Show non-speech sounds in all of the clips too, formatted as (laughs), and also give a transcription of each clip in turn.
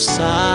side.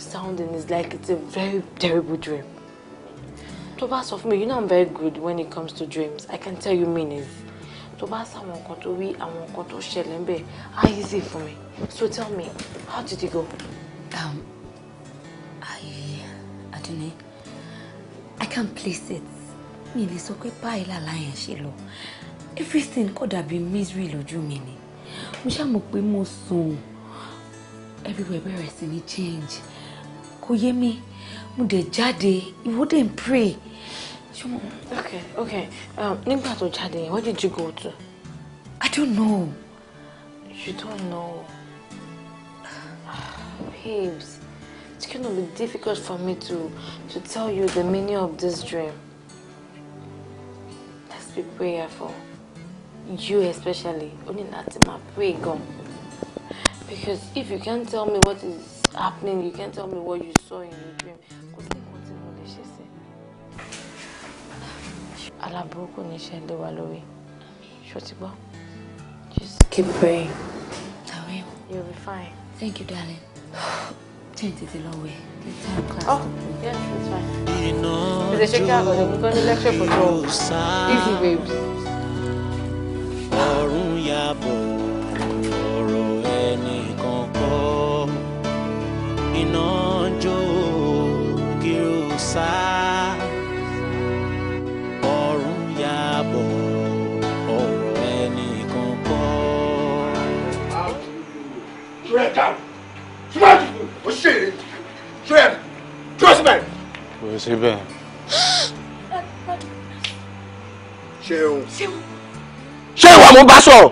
sounding is like it's a very terrible dream. Tó bá sọ fún you know I'm very good when it comes to dreams. I can tell you meanings. Tó bá sọ àwọn nǹkan tó rí, how easy for me. So tell me, how did it go? Um, I, Adunni, I can't place it. Mi lè sọ pé báyìí làlá yẹn ṣe lọ. Everything kò misery lójú mi ni. Mo ṣáà mọ̀ pé mo sùn. Everywhere change kò yé mi mo dẹ̀ jáde ìwọ dẹ̀ ń pray. okay okay um, nígbà tó jáde yẹn where did you go to. I don't know. You don't know. (sighs) Babes, it's gonna be difficult for me to, to tell you the meaning of this dream. Let's be prayerful. You especially, only Natima, pray God. Because if you can't tell me what is happening you can't tell me what you saw in your dream kò sí nǹkan tí she said. Allah broke on ní iṣẹ́ lé wa lórí ṣòtígbọ́. just keep praying. tàwé you'll be fine. thank you darling. (sighs) jane tètè lọ the time class. oh yeah, it's fine. ìṣe ṣe kí àgọ́dọ̀ mi kọ́ ní lecture for twelve. easy babes iná jó kiri ó sá ọ̀run yàbọ̀ ọ̀rọ̀ ẹnìkan kọ́. ṣé ìwà mo bá sọ̀rọ̀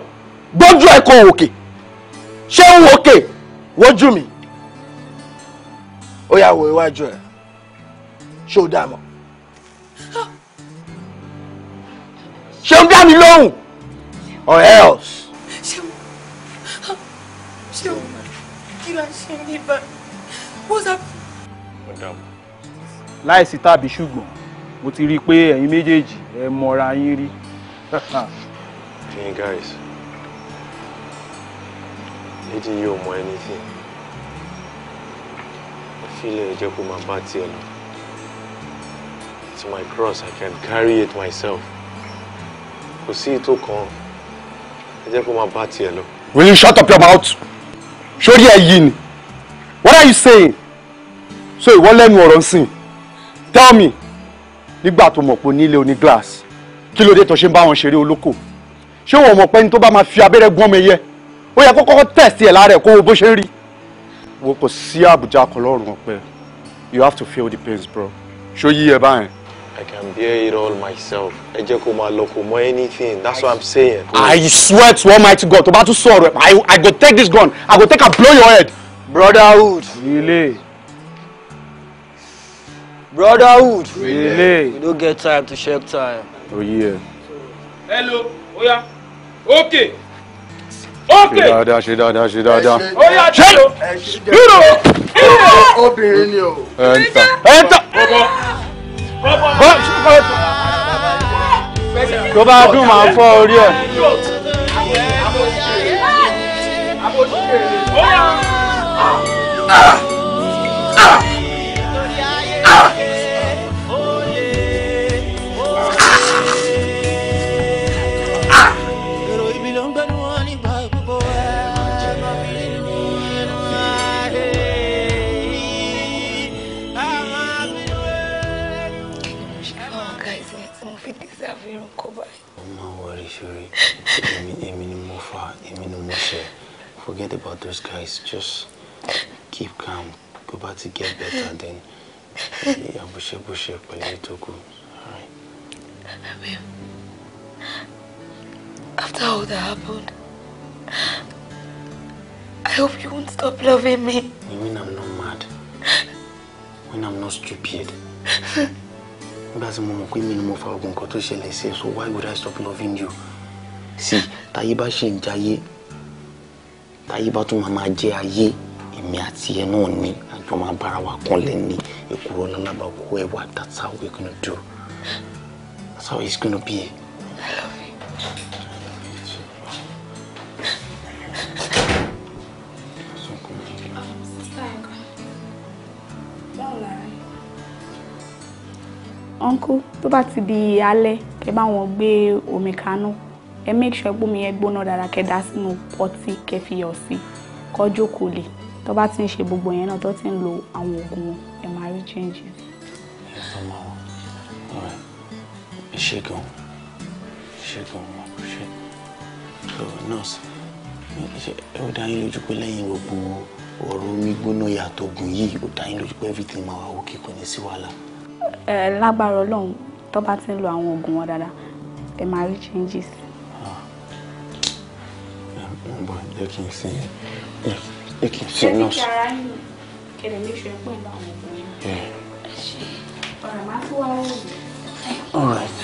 gbójú ẹ̀ kan òkè ṣé ń wòkè wojú mi ó yà wò iwájú ẹ̀ ṣé ó dà mọ́ ṣé ó dá mi lóhùn or else. ṣé o kí ló ń ṣe ní ibà what's up. madam. láìsí tàbí ṣùgbọ́n mo ti rí i pé ẹ̀yin méjèèjì ẹ mọra yín rí. ẹ̀yin guys lady yóò mọ anything filẹ̀ jẹ́ kó máa bá tiẹ̀ lọ. It's my cross, I can carry it myself. Kò sí ètò kan, ẹ jẹ́ kó máa bá tiẹ̀ lọ. Will you shut up your mouth? Sórí ẹ ni. What are you saying? So ìwọ lẹ́nu ọ̀rọ̀ ń Tell me, nígbà tó mọ̀ pé onílé oní glass, kí ló dé tó ṣe ń bá wọn ṣeré olóko? Ṣé wọn mọ̀ pé ní tó bá máa fi abẹ́rẹ́ gún ọmọ ẹyẹ? Ó yẹ kó kọ́kọ́ test ẹ̀ lára kó wo bó ṣe ń rí wo kò sí àbújá kan lọ́rùn ọ̀pẹ you have to feel the pains bro ṣó yí ẹ báyẹn. I can bear it all myself. Ẹ jẹ́ kó máa lọ kó mọ anything. That's I, what I'm saying. I swear to Almighty God, tó bá tún sọ̀rọ̀ ẹ̀, I I go take this gun, I go take and blow your head. Brotherhood. Really? Brotherhood. Really? We don't get time to check time. Oh, yeah. Hello, oya, okay ṣe dáadáa ṣe dáadáa ṣe dáadáa ṣe yúrò yúrò. obìnrin ni o. ẹ ń tà ẹ ń tà. tó bá dùn máa fọ́ orí ẹ̀. Ah! Ah! worried about those guys. Just keep calm. Go back to get better, then Abushe Bushe Paletoku. Alright. I will. After all that happened, I hope you won't stop loving me. You mean I'm not mad? When I'm not stupid? (laughs) nígbà tí mo mọ̀ pé mi ni mo so why would I stop loving you? see táyé bá ṣe ń táyé bá tún máa máa jẹ́ ayé èmi àti ẹ náà ni àjọ máa bára wa kanlẹ̀ ní èkúrọ́ lálábà kó ẹ wá that's how we're gonna do that's how it's gonna be. I you. uncle tó bá ti di alẹ́ ẹ bá wọn gbé omi kaná ẹ make sure gbómi yẹn gbóná dáadáa kẹ́ dá sínú pọ́tì kẹ́ fi yọ̀ sí kọ́jọ́ kò lè tó bá ti ń ṣe gbogbo yẹn náà tó ti ń lo àwọn oògùn wọn ẹ máa rí changes. ẹ sọ ma wọn ọ̀rẹ́ ẹ ṣe gan ṣe gan wọn kò ṣe so nurse ẹ ó dá yín lójú pé lẹ́yìn gbogbo ọ̀rọ̀ omi gbóná yàtọ̀ oògùn yìí ó dá yín lójú pé everything máa wà òkè kò ní sí wàhálà. ẹ lágbára Ọlọ́run tó bá ti ń lo àwọn oògùn wọn dáadáa ẹ máa rí changes. jẹ́ kí n sin ẹ̀ kí n sin nọ́ọ̀sì. kẹ̀lẹ́ mi ṣe pẹ̀lú àwọn ọkùnrin. ọ̀rọ̀ máa tó wá wọ̀nyí. all right.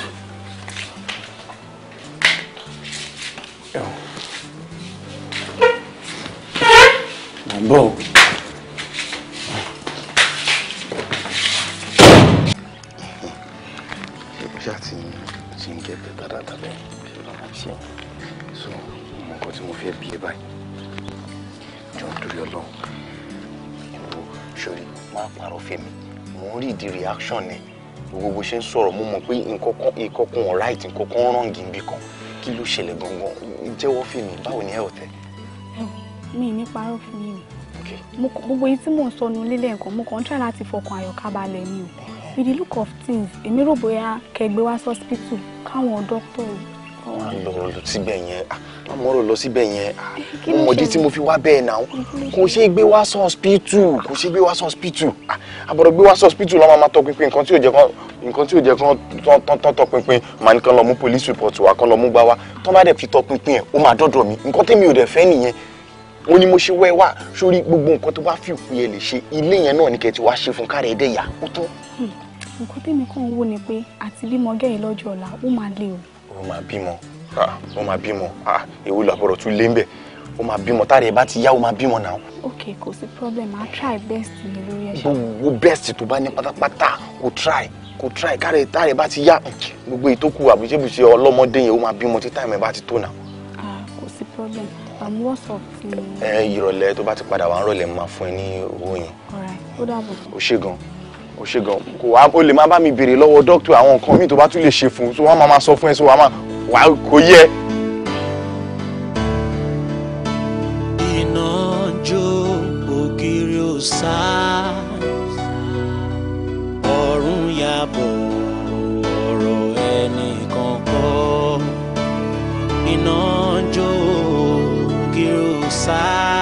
Yeah. Bom. ṣe ń sọ̀rọ̀ mo mọ̀ pé nǹkan kan ọ̀ráìt nǹkan kan rọ̀ǹgì ń bì kan kí ló ṣẹlẹ̀ gangan jẹ́wọ́ fún mi báwo ni ẹ ò tẹ́. mi ní parọ́ fún yín gbogbo yìí tí mò ń sọnù lílẹ̀ nǹkan mo kàn ń try láti fọkàn àyọ̀ká balẹ̀ ni o uh-huh. with the look of things èmi rò bóyá kẹgbẹ́ wá sọ́sìpítù káwọn dókítà. lọ́rọ̀ ló ti bẹ̀ yẹn ah, àmọ́rò lọ síbẹ̀ yẹn ọmọdé tí mo fi wá bẹ́ẹ̀ náà kò ṣe é gbé wá sí ọ̀sìpìtù kò ṣe é gbé wá sí ọ̀sìpìtù àbọ̀dọ̀ ah, gbé wá sí ọ̀sìpìtù lọ́mọ máa tọpinpin nǹkan tí ò jẹ́ kan nǹkan tí ò jẹ́ kan tọ́ntọ́n tọpinpin màá ní kan lọ mú police report wá kan lọ mú gbá wá tọ́ bá dẹ̀ fi tọpinpin ẹ̀ ó máa dọ́dọ̀ mi nǹkan tẹ́mi ò dẹ̀ fẹ́ nìyẹn ó ní mo ṣe wẹ́ wá sórí gbogbo nǹkan tó bá fi ìpín ẹ lè ṣe ilé yẹn náà ni kẹ́ ti wá ṣe fún kárẹ̀ ẹ̀dẹ̀ yà ó tán. Hmm. o. ó máa bímọ Ah, ó máa bímọ ah, ewu làbọ̀rọ̀ tún lé ń bẹ̀ ó máa bímọ táre bá ti yá ó máa bímọ náà. ok kò sí problem i try best mi lórí ẹ ṣá. gbogbo best to bá ní pátápátá kò try kò try káre táre bá ti yá gbogbo ìtókù àbúṣebùṣe ọlọ́mọdé yẹn ó máa bímọ tí táìmù ẹ bá ti tó náà. Ah, kò sí problem i'm worse of. ti. ẹ ìrọ̀lẹ́ tó bá ti padà wá ń rọ̀lẹ́ máa fún ẹ ní owó yẹn. ó dàbọ̀. ó ṣe gan ó ṣe gan kò wá ó mi béèrè lọ́wọ́ dókítà àwọn nǹkan míì tó bá tún lè ṣe fún so wọ́n máa máa sọ fún ẹ so wọ́n máa wà á kó yẹ. iná jó ògiri ò sá ọ̀run yàbọ̀ ọ̀rọ̀ ẹnìkan kọ́ iná jó ògiri ò sá.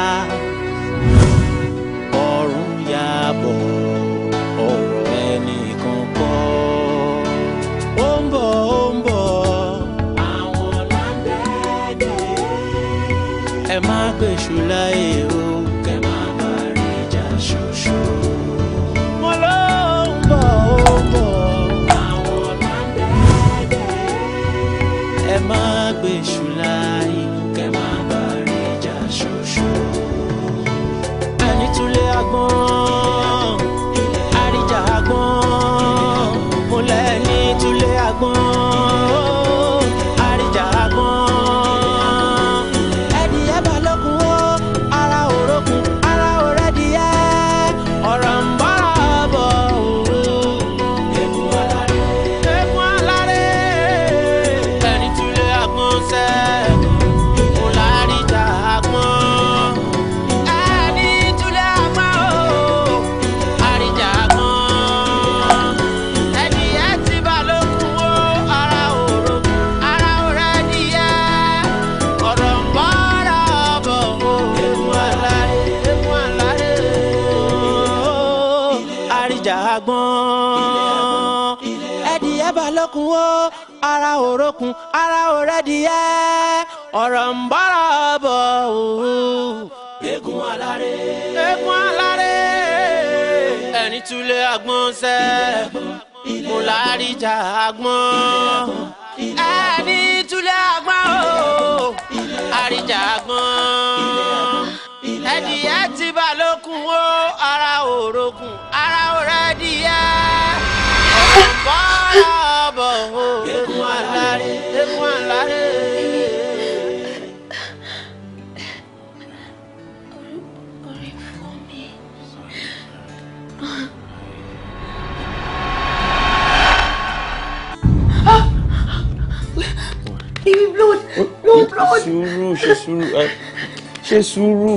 ṣe sùúrù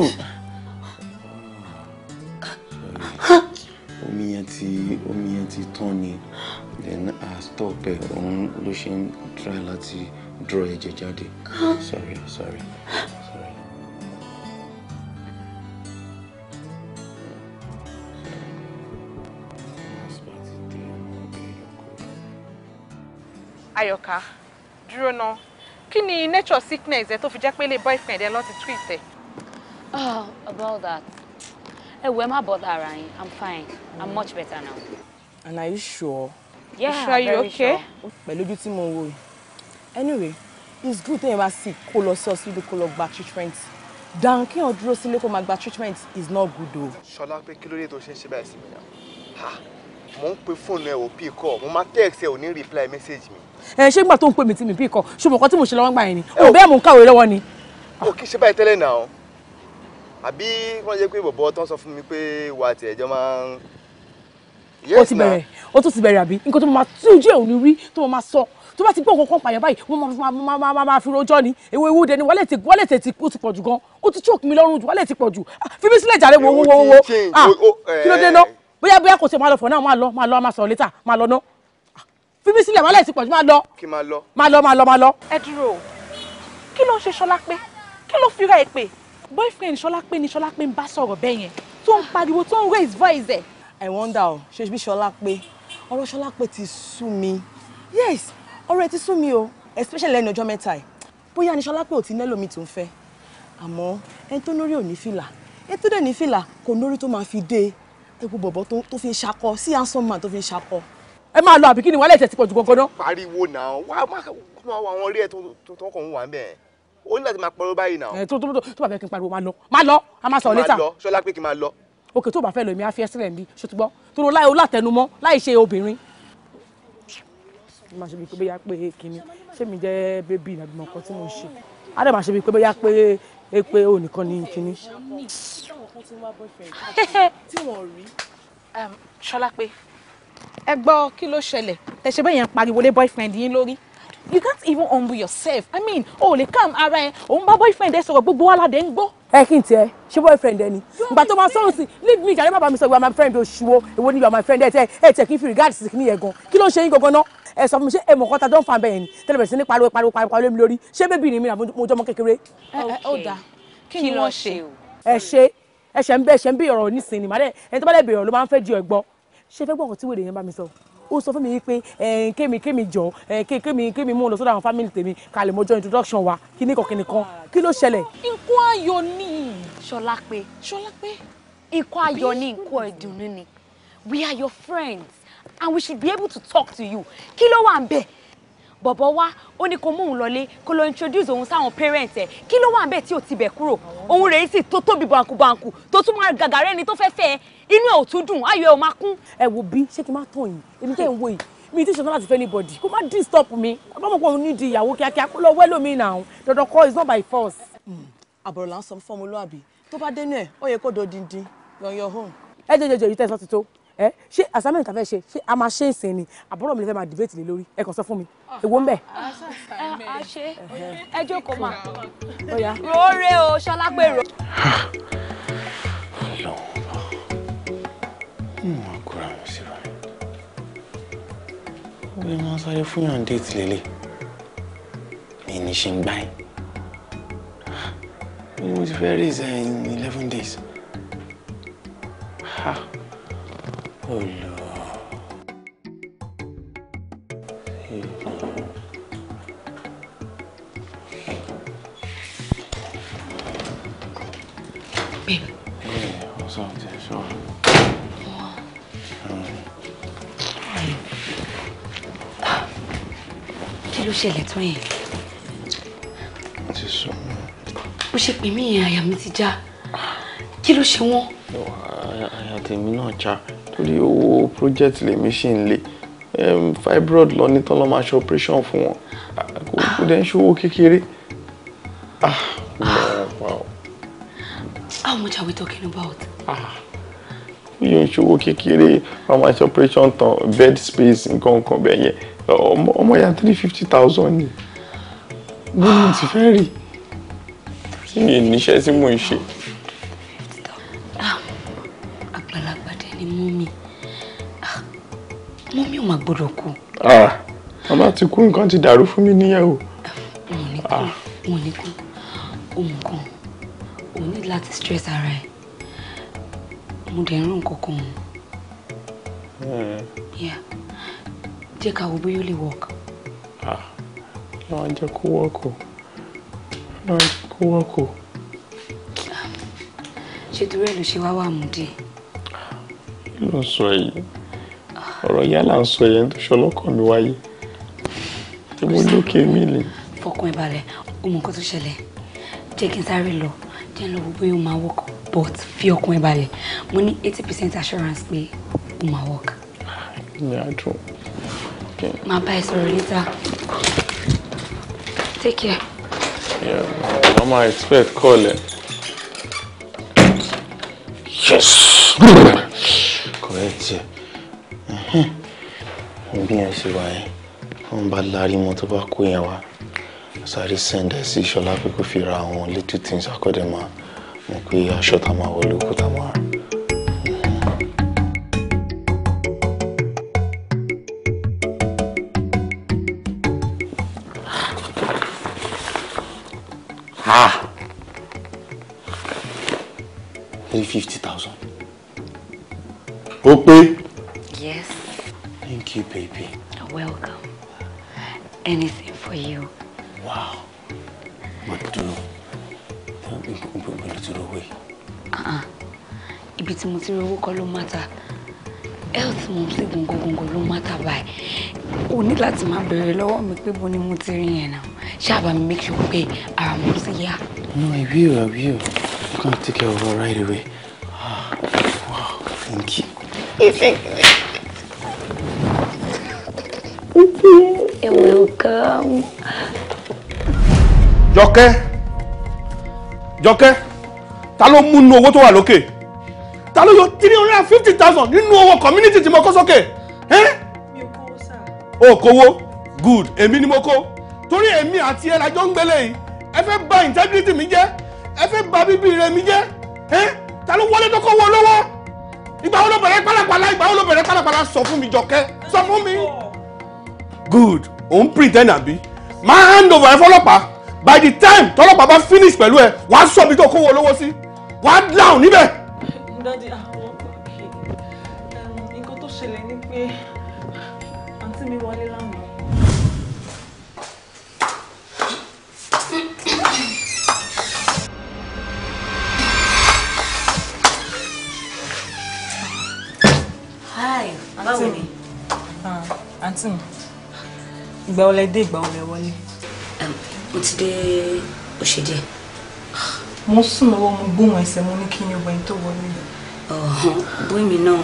omi yẹn ti omi yẹn ti tán ni then a stop ẹ òun ló ṣe ń try láti draw ẹ̀jẹ̀ jáde sorry sorry. Ayọ̀ká dúró ná kí ni nature sickness ẹ tó fi jẹ́ pé lè boyfriend ẹ lọ́ti treat ẹ. Oh, about that. Hey, where my bother, Ryan? I'm fine. Mm. I'm much better now. And are you sure? Yeah, you I'm very okay? sure. Pẹ̀lú ojú tí mo wò Anyway, it's good téèyàn bá sì kó lọ sí hospital kó lọ back treatment. Dan kéèyàn dúró sílé kó máa gba treatment is not good o. Shall I kí ló to change the ń ṣe báyìí sí mi náà? Mo ń pe fóònù ẹ̀ ò pí kọ́, mo máa text ẹ̀ ò ní reply message me Ẹ ṣé gbà tó ń pè mí me mi bí kọ́, ṣùgbọ́n kan tí mo ṣe lọ́wọ́ gbà yẹn ni. O bẹ́ẹ̀ mo ń kàwé lọ́wọ́ ni. O kì í ṣe báyìí tẹ́lẹ̀ náà àbí wọ́n jẹ́ pé bọ̀bọ̀ tó ń sọ fún mi pé wà á tiẹ̀ jọ máa ń. o ti bẹ̀rẹ̀ o tún ti bẹ̀rẹ̀ àbí nǹkan tó máa tí ojú ẹ̀ ò ní rí tó máa sọ tó bá ti gbọ́ nǹkan kan pààyàn báyìí wọ́n máa máa fi rojọ́ ni ewu ewu dẹni wálé ti wálé ti ó ti pọ̀ jù gan ó ti choke mi lọ́rùn jù wálé ti pọ̀ jù ah, fi mí sílẹ̀ jàre wo wo wo wo ah, eh. kí ló dé ná bóyá bóyá kò ṣe máa lọ fọ̀ náà máa lọ máa lọ máa sọ̀rọ̀ létà máa lọ ná ah, fi mí sílẹ̀ wálé ti pọ̀ jù máa lọ máa lọ máa lọ máa boyfriend Ṣọlápé ni Ṣọlápé ń bá sọ̀rọ̀ bẹ́ẹ̀ yẹn tó ń pariwo tó ń raise voice ẹ̀. I wonder o ṣe bí Ṣọlápé ọ̀rọ̀ Ṣọlápé ti sú mi yes ọ̀rọ̀ ẹ ti sú mi o especially lẹ́nu ọjọ́ mẹ́ta ẹ̀ bóyá ni Ṣọlápé ò ti nẹ́lòmí tó ń fẹ́ àmọ́ ẹni tó lórí ò ní fìlà ẹni tó dẹ̀ ní fìlà kò lórí tó máa fi dé epo bọ̀bọ̀ tó fi ń ṣakọ sí handsome man tó fi ń ṣakọ ẹ máa lọ àbíkí ni wàhálà ìtẹ̀sípọ̀ ju gangan náà. pariwo náà wàá máa wọ àwọn orí ẹ tó tó kàn ń wà ń bẹ̀ ó ní láti máa pariwo báyìí náà. ẹ tó tó tó bá fẹ́ kí n pariwo máa lọ máa lọ a máa sọ̀rọ̀ létà. máa lọ ṣọlá pé kí n máa lọ. òkè tó bá fẹ́ lọ èmi á fi ẹsẹ̀ rẹ̀ bí ṣùtúgbọ́ tó lọ láì olátẹnumọ́ láì ṣe obìnrin. máa ṣe bíi pé bóyá pé kínní ṣé mi jẹ́ bébì àbí mọ̀kọ́ tí mo ṣe. á máa ṣe bíi pé bóyá pé pé òun nìkan ní kínní. (laughs) ṣọlá pé ẹ gbọ́ kí ló ṣẹlẹ̀ tẹ̀sẹ̀ bẹ́ẹ̀ yẹn pariwo lé boyfriend yín lórí you can't even humble yourself i mean o lè calm ara ẹ òun bá boyfriend ẹ sọ̀rọ̀ gbogbo wa ládẹ ń gbọ́. ẹ kí n tiẹ ṣé boyfriend ẹ ni ìgbà see, máa sọ̀rọ̀ sí leave me jàre má bàa mi sọ you are my friend oṣuwo èwo ni you are my friend ẹ tẹ ẹ tẹ kí n fi regard sí kí ni yẹn gan kí ló ń ṣe yín gangan náà ẹ sọ fún mi ṣé ẹ mọ̀ kọ́ta tó ń fa bẹ́ẹ̀ ni tẹ́lẹ̀ bẹ̀rẹ̀ sí ní pariwo pariwo pariwo lé mi lórí ṣé bébì ni mi nà mo jọmọ kékeré. ó dáa kí ló ṣe o. ẹ ṣe ẹ ṣe ń bẹ ẹ ṣe ń bí ọ̀rọ̀ nísìnyí màdẹ ẹni tó bá dẹ bèrè ọ̀rọ̀ ló máa ń fẹ́ di ọ̀gbọ́ ṣé fẹ́ gbọ́ ọ̀rọ̀ tí wèrè yẹn bá mi sọ ó sọ fún mi wípé kémi kémi jọ kémi kémi mú un lọ sọ́dọ̀ àwọn fámìlì tèmi ká lè mọjọ́ introduction wa kíní kan kíní kan kí ló ṣẹlẹ̀. nǹkan ayọ̀ ni ṣọlá pé ṣọlá pé nǹkan ayọ̀ ni nǹkan ìdùnnú ni we are your friends and we should be able to talk to you kí ló wà ń bẹ̀ bọ̀bọ̀ wá ó ní kó mú òun lọlé kó lọ introduce òun sáwọn parents ẹ̀ kí ló wà ń bẹ̀ tí ò ti bẹ̀ kúrò òun rèé sì tó tóbi bankubanku tó tún máa gàgàrẹ́ ẹni tó fẹ́ fẹ́ ẹ inú ẹ̀ ò tún dùn ayọ̀ ẹ̀ ò máa kún. ẹ wo bí ṣé kí n má tàn yín èmi tẹ̀ ń wo yìí mi ti ṣetán láti fẹ́ anybody kó má disturb mi àbámọ̀ kó ní di ìyàwó kíákíá kó lọ wẹ́lò mi nà dandan kọ́ is not by force. Hmm, àbọ̀rọ̀ là ń sọ fún ọmọlúwàbí tó bá dénú ẹ̀ ó yẹ kó dodindin you're on your own ẹ eh, ṣé assignment àfẹ́ ṣe ṣé a máa ṣe ìsìn ni àbúrò mi lè fẹ́ máa debate lé lórí ẹ kàn sọ fún mi èwo ń bẹ̀. a ah, ah, ṣe ẹ jókòó mà lóore o ṣọlá pèrò. wọn lè máa sáré fún yàn déètì lélẹ̀ ní ní ṣe ń gbá yín mo ti fẹ́ rí ìsẹ́yìn eh, eleven days. Oh no. Babe. Hey, what's up, dear? Sure. What? Kí ló ṣẹlẹ̀ tó yẹn? Mo ti sọ. Bó ṣe pè mí yẹn, àyà mi ti já. Kí ló ṣe wọ́n? Àyà tèmi náà já torí owó project lèmi ṣì ń fibroid lọ ní tán lọ́ máa ṣe operation fún wọn kò dẹ̀ ń ṣòwò kékeré. Ah, How much are we talking about? mi ò ń ṣòwò kékeré wọn máa ṣe operation tán bed space nǹkan kan bẹ́ẹ̀ yẹn ọmọ ìyá three fifty thousand ni bó ni mo ti fẹ́ rí mi ò níṣẹ́ tí mò ń ṣe. ti kú nǹkan ti dàrú fún mi nìyẹn o. mo ní kún ohun kan òun ní láti stress ara ẹ mo dẹ̀ ń rún kankan òun hmm. jẹ́ ká wo bóyá ó lè work. Ah, náà jẹ́ kó work o náà jẹ́ kó work o. ṣètò rẹ̀ ló ṣe wá wà mú díẹ̀. kí ló ń sọ yìí ọ̀rọ̀ yálà ń sọ yẹn tó ṣọlọ́kàn mi wáyé èwo lókè mi lè. fọkàn ẹ balẹ̀ ó mọ nǹkan tó ṣẹlẹ̀ jẹ́ kí n sáré lọ jẹ́ n lọ wo bóyá máa work but fi ọkàn ẹ balẹ̀ mo ní eighty percent assurance pé ó máa work. ilé àjọ. máa bá ẹ sọ̀rọ̀ later take care. Yeah, mama expect call ẹ. yes correct ẹ bí ẹ ṣe wáyé wọn bá larí mọ tó bá kó yẹn wá sáré sẹ́ndẹ̀ sí ìṣọ̀lá pé kò fi ra àwọn little things akọ́dẹ̀mọ́ mo pé aṣọ tá máa wọlé òkú tá máa Ah. Three fifty thousand. Ó pé. anything for you. Wow. Mo dúró. Mo lè Uh wé. If it's mo ti rówó kọ́ ló mátà. Health mo sì gbogbogbò ló mátà báyìí. O ní láti máa bèrè lọ́wọ́ mi pé bo ni mo ti rí yẹn náà. Ṣáàbà mi make sure pé ara mo sì yá. No, I will, I will. I'm can take care of her right away. Ah, wow, thank you. Thank you. jọkẹ́ jọkẹ́ ta ló mú nínú owó tó wà lókè ta ló yọ three hundred and fifty thousand nínú owó community tí mo kó sókè ẹ́. mi ò kówó sáà. o kówó good èmi ni mo kó torí èmi àti la lajọ́ ń gbélé yìí ẹ fẹ́ bà integrity mi jẹ́ ẹ fẹ́ bà bíbí rẹ mi jẹ́ ẹ́ ta ló wọlé tó kówó lọ́wọ́ ìgbà wo ló bẹ̀rẹ̀ pálapàla ìgbà wo ló bẹ̀rẹ̀ pálapàla sọ fún mi jọkẹ́ sọ fún mi good òun pre ten d àbí máa hand over ẹ fọlọ́pàá by the time tọ́lọ́pàá bá finish pẹ̀lú ẹ wàá sọ bí tó kówó olówó sí wàá down níbẹ̀. dadi ah, àwọn um, nǹkan tó ṣẹlẹ̀ ni pé àǹtí mi wọlé lánàá. Hi, báwo ni? Ah, àǹtí mi, ìgbà wo lẹ dé ìgbà wo lẹ wọlé? Um, o ti dé o ṣe díẹ̀. mo sùn lọ́wọ́ mo gbóhùn ẹsẹ̀ mo ní kí n yọgbẹ́ tó wọlé ilẹ̀. bóyá mi náà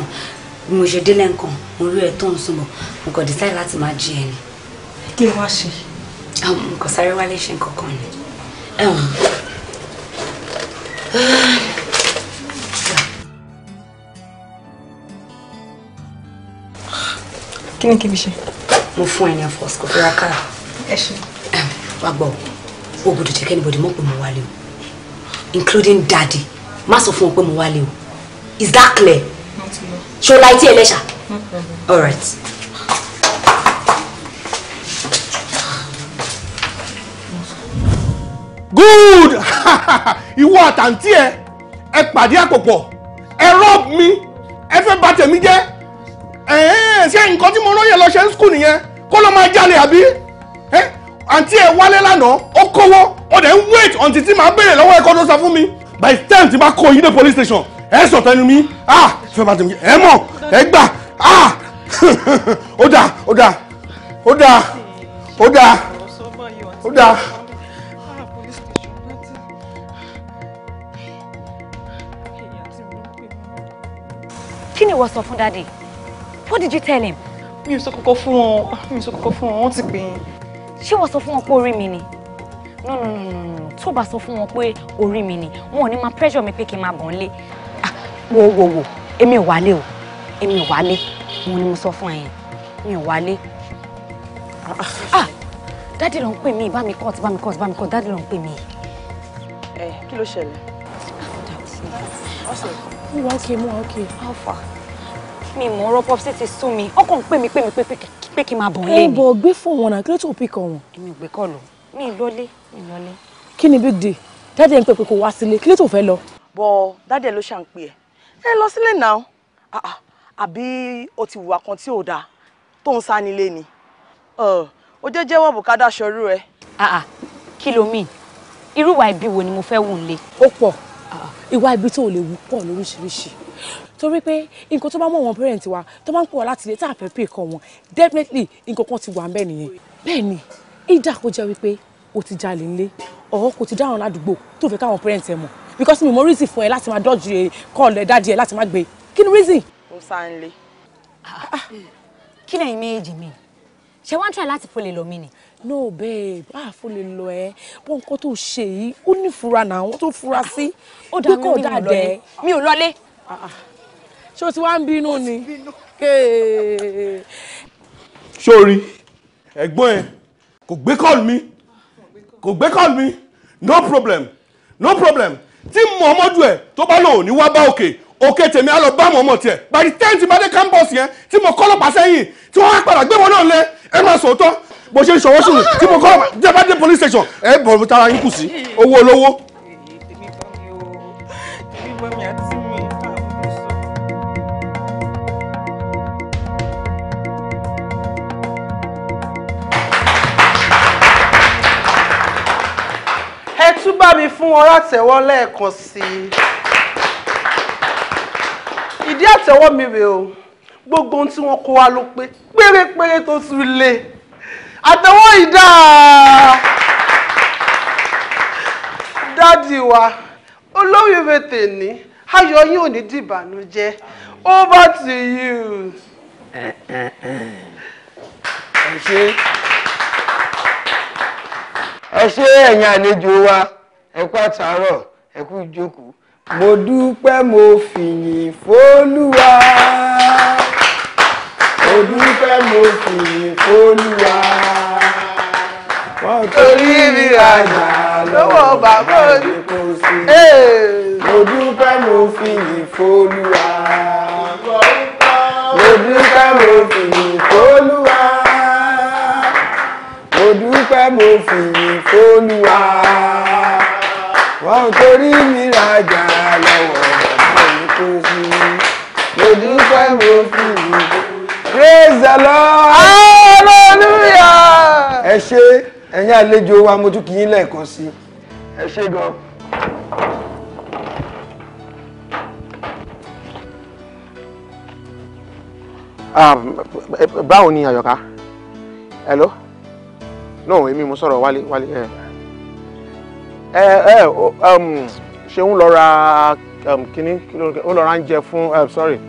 mo ṣe délé nǹkan mo rí ẹ tó ń sùn bọ̀ mo kàn decide láti máa jí ẹ ni. kí ló wá ṣe. mo kàn sáré wálé ṣe nǹkan kan ni. kí ni kí n ṣe. mo fún ẹ ní ọfọ scope ra káà. ẹ ṣe wàá gbọ́ o gbọ́dọ̀ jẹ́ kẹ́nìbọ̀dì mọ̀ pé mo wálé o including daddy má sọ fún o pé mo wálé o is that clear ṣo la etí ẹlẹ́ṣà all right. good (laughs) ìwọ àtàntí ẹ ẹ pàdé àpòpọ̀ ẹ rọ́ọ̀bù mi ẹ fẹ́ bà tèmi jẹ́ ẹ̀ẹ́n ṣé nǹkan tí mo rán yẹn lọ ṣe ń skul nìyẹn kó lọ máa jalè àbí àǹtí ẹ wálé lánàá ó kówó ó dẹ̀ ń wait until tí màá béèrè lọ́wọ́ ẹ̀kọ́ tó sọ fún mi by the time tí bá kó yín dé police station ẹ sọ̀tọ̀ ẹnu mi ah fẹ́ bá tẹ̀mí ẹ mọ̀ ẹ gbà ah (laughs) ó dáa ó dáa ó dáa ó dáa ó dáa. kí ni ìwọ sọ fún dáàdi what did you tell him. mi ò sọ kókó fún wọn mi ò sọ kókó fún wọn wọn ti pè é ṣé wọ́n sọ fún wọn pé orí mi ni no no no no no tó bá sọ fún wọn pé orí mi ni wọn ò ní máa pressure mi pé kí n máa bọ̀ ń lé ah, wo wo wo èmi ò wálé o èmi ò wálé mo ni mo sọ fún ẹ̀yin mi ò wálé ah dáàdì ló ń pè mí bá mi cut bá mi cut bá mi cut dáàdì ló ń pè mí. ẹ kí ló ṣẹlẹ̀. Ah, mo wá òkè mo wá òkè. mi mọ̀ ọ́rọ́ pọ́pọ́sì ti sú mi ọkàn ń pè mí pè mí pè mí kẹ́kẹ́ pé kí n máa bọ̀ lé ni. ẹ bọ̀ gbé fún wọn náà kí ló tó pick wọn. èmi ò gbé kọ́ lọ mi ì lọlé mi ì lọlé. kí ni big day dáadé ń pè pé kò wá sílé kí ló tó fẹ́ lọ. bọ dáadé ló ṣà ń pè ẹ ẹ lọ sílé náà ah, ah, àbí o ti wùwà kan tí ò dáa tó ń sá nílé ni ó jẹ́ jẹ́wọ́ bùkádà ṣọrú ẹ. Ah, kí ló mìn irú ìwà ibi wo ni mo fẹ́ wù ń lé. ó pọ̀ ìwà ibi tó lè wù pọ̀ lóríṣiríṣi torí pé nǹkan tó bá mọ̀ wọn parent wa tó bá ń pè wá láti ilé tá fẹ́ pè kọ́ wọn definitely nǹkan kan ti wà ń bẹ̀ nìyẹn bẹ́ẹ̀ ni ìdá kó jẹ́ wípé o ti jalè ńlé ọ̀họ́ kò ti dáhùn ládùúgbò tó fẹ́ káwọn parent ẹ̀ mọ̀ because mi mọ reason fún ẹ láti máa dodge call ẹ daddy ẹ láti máa gbé e. kí ni reason. ó sá ń lé. kí lẹ́yìn méjì mi ṣé wọ́n ń try láti fọlẹ̀ lọ mí ni. no babe a fọlẹ̀ lọ ẹ bọ́n nǹkan tó ṣe yìí ó ní fura náà wọ́n tó fura sí. ó dààmú mi ò lọlé mi ò lọlé. Ah, ah ṣó ti wá ń bínú ni sórí ẹ̀gbọ́n ẹ kò gbé call mi kò gbé call mi no problem no problem tí mọ̀ọ́mọ́dù ẹ̀ tó bá lò ní wá bá òkè òkè tèmi á lọ bá mọ̀ọ́mọ́ tiẹ̀ by the bá dé campus yẹn tí mo kọ́ lọ́pàá sẹ́yìn tí wọ́n á padà gbé wọn náà lẹ ẹ máa sòótọ́ bó ṣe ń ṣọwọ́ sùn tí mo kọ́ jẹ́ bá dé police station ẹ bọ̀ tara yín kù sí owó olówó. èmi bá mi ò èmi bá mi àti. tún bá mi fún wọn látẹ̀wọ́ lẹ́ẹ̀kan sí i ìdí àtẹ̀wọ́ mi rèé o gbogbo ohun tí wọ́n kó wa ló pé pérépéré tó tún lé àtẹ̀wọ́ ìdá dádì wa olóríire tèní ayọ̀ yín ò ní dìbànújẹ́ over to you. ẹ ṣe. Ọ ṣé ẹ̀yin àlejò wa ẹ kú àtàárọ̀ ìjókòó mo dúpẹ́ mo fìyìn fólúwa mo dúpẹ́ mo fìyìn fólúwa wọ́n torí rírajà lọ́wọ́ bàbá kò sí mo dúpẹ́ mo dúpẹ́ mo fìyìn fólúwa wọn torí mi rajà lọ́wọ́ bàbá mi kó sí mo dúpẹ́ mo fìyìn praise the lord hallelujah ẹ ṣé ẹ̀yin àlejò wa mo tún kí yín lẹ́ẹ̀kan sí ẹ ṣé gan. Ah, báwo ni àyọ̀ká hello no èmi mo sọ̀rọ̀ wálé wálé ẹ ẹ ẹ ṣé ń lọ ra um, kíní ó lọ ń jẹ fún eh, sorry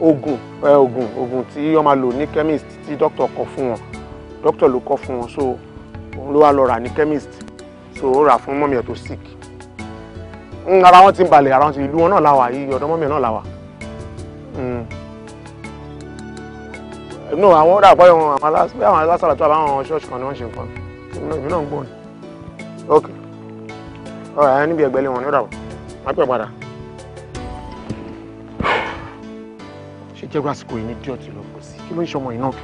oògùn oògùn eh, oògùn tí wọ́n máa lò ní chemist tí doctor kọ fún wọn doctor ló kọ fún wọn so òun ló wá lọ rà ní chemist so ó rà fún mọ́mí ẹ̀ tó sick hmm, ara wọn ti ń balẹ̀ ara wọn ti ìlú wọn náà làwà yìí ọ̀dọ́ mọ́mí ẹ̀ náà làwà no àwọn ó dàgbọ́ ẹ̀wọ̀n àwọn aláṣà bí àwọn aláṣà tó àbáwọn ṣọ́ọ̀ṣì kan ni wọ́n ṣe nǹkan èmi náà ń gbọ́ ni ok ọ̀rọ̀ ẹ̀ níbi ẹ̀gbẹ́lẹ̀ wọn ni ó dàbọ̀ má pẹ́ padà. ṣé jẹ́rú àsìkò yìí ní díọ̀tì lọ pọ̀ sí kí ló ń ṣọmọ yìí náà.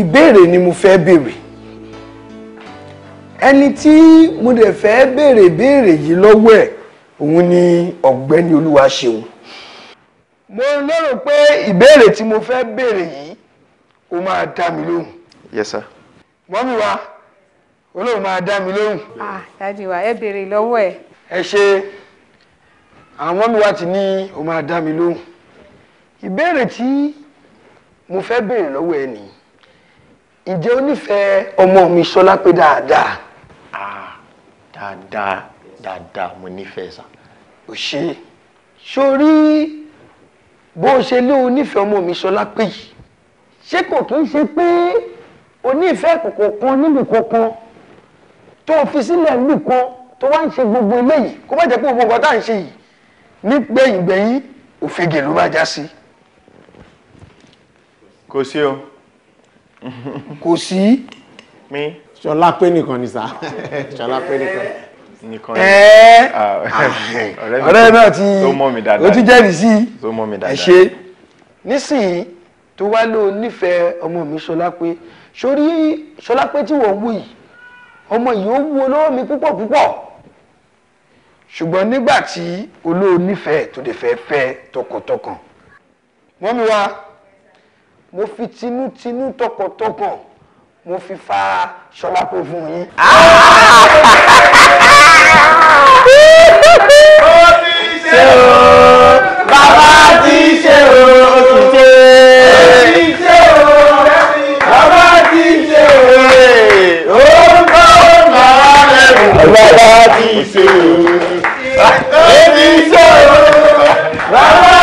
ìbéèrè ni mo fẹ́ béèrè ẹni tí mo dẹ̀ fẹ́ béèrè béèrè yìí lọ́wọ́ ẹ̀ òun ni ọ̀gbẹ́ni Olúwaṣeun mo lérò pé ìbéèrè tí mo fẹ́ béèrè yìí ó máa dá mi lóhùn. yes sir. mọ́mí olóhùn máa dá mi lóhùn. ah dájú wa ẹ béèrè lọ́wọ́ ẹ. ẹ ṣe àwọn mọ́mí wa ti ní ó máa dá mi lóhùn ìbéèrè tí mo fẹ́ béèrè lọ́wọ́ ẹ nìyí ǹjẹ́ o ọmọ mi Ṣọlá pé dáadáa. dáadáa dáadáa mo nífẹ̀ẹ́ sà ò ṣe é sórí bó o ṣe lé o nífẹ̀ẹ́ ọmọ mi sọlá pé yìí ṣé kò kí ń ṣe pé o nífẹ̀ẹ́ kòkò kan níbi kankan tó o fi sílẹ̀ níbi kan tó wá ń ṣe gbogbo eléyìí kó má jẹ́ pé gbogbo nǹkan tá à ń ṣe yìí nígbẹ̀yìngbẹ̀yìn òfegè ló bá já sí. kò sí o. kò sí. mi. sọlá pé nìkan ni sá sọlá pé nìkan nìkan ẹ ah, (laughs) ah, ọ̀rẹ́ náà ti o ti jẹ́rìí sí ẹ ṣe nísìnyí tó wá ló nífẹ̀ẹ́ ọmọ mi ṣọlá pé sórí ṣọlá pé tí wọ́n wù yìí ọmọ yìí ó wù olówó mi púpọ̀ púpọ̀ ṣùgbọ́n nígbà tí olówó nífẹ̀ẹ́ tó lè fẹ́ fẹ́ tọkàntọkàn mọ́mi wa mo fi tinútinú tọkàntọkàn mo fi fa ṣọlápọ̀ fún yín. ó ti ṣe o bàbá ti ṣe o ó ti ṣe. ó ti ṣe o bàbá ti ṣe o ó ń bọ́ màá lẹ́rù. bàbá ti ṣe o ó ti ṣe o bàbá.